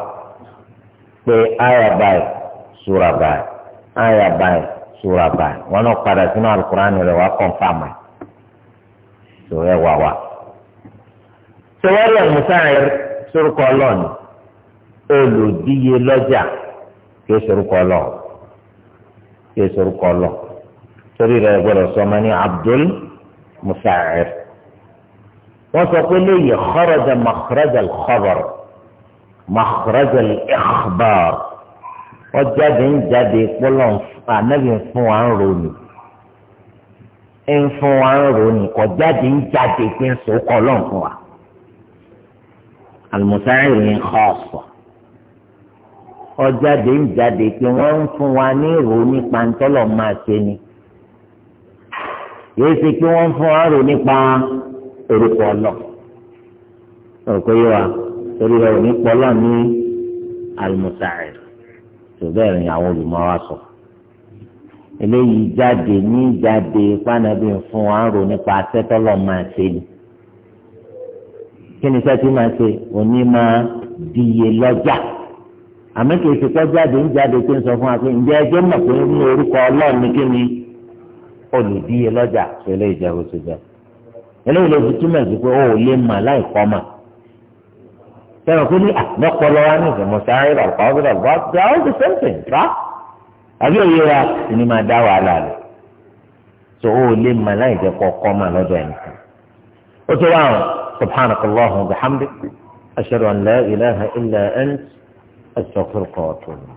pé àyà báyìí sùrà báyìí àyà báyìí sùrà báyìí wọn náà padà sínú alukur'an rẹ wá kọ́ńfàmù tó ẹ wà wá. sọwọ́rì ẹ̀ musa ẹ̀ sórúkọ ọlọ́ọ̀ni olùdíye kí èso orúkọ lọ kí èso orúkọ lọ torí rẹ gbọ́dọ̀ sọmọ ní Abdul Musa'ir wọn sọ pé léyìí kharaja makhraja al-khabar makhraja al-ikhbar wọn jáde ń jáde kpọlọ anabi ń wa ń ronú ń wa ń ronú kọ jáde ń jáde pé ń kọlọ ń wa al ní khaasa ọjáde ń jáde pé wọ́n ń fún wa ní ìrò nípa ntọ́lọ̀ máa ṣe ni yìí ṣe pé wọ́n ń fún wa rò nípa orúkọ ọlọ́ orúkọ yìí wa torí rẹ̀ ò ní pọ́lọ́ ní alimusaari tó bẹ́ẹ̀ ni àwọn olùmọ̀ wa sọ eléyìí jáde ní jáde pànàbí fún wa rò nípa atẹ́tọ́lọ̀ máa ṣe ni kí ni sẹ́tí máa ṣe òní díye lọ́jà àmì kìí ṣe pé jáde ń jáde pé ń sọ fún wa pé ǹjẹ́ ẹjẹ́ mọ̀ pé ní orúkọ ọlọ́run ní kí ni olùdíye lọ́jà pẹ̀lú ìjẹ́wọ́ ti jẹ́ eléyìí ló fi túmọ̀ sí pé ó ò lè mà láì kọ́ mà sẹ́wọ̀n pé ní àpọ́pọ́lọ́ wa ní ìfẹ̀mọ̀sáré ọ̀pá ọ̀gbẹ́dọ̀ bá ti àwọn ti sẹ́ǹsìn rà àbí òye wa ni máa dá wàhálà rẹ̀ tó ó lè mà láì jẹ́ kọ́ mà lọ́dọ̀ ẹnìkan ó tó wà hàn subhanakallahumma wa bihamdik سوس روپیے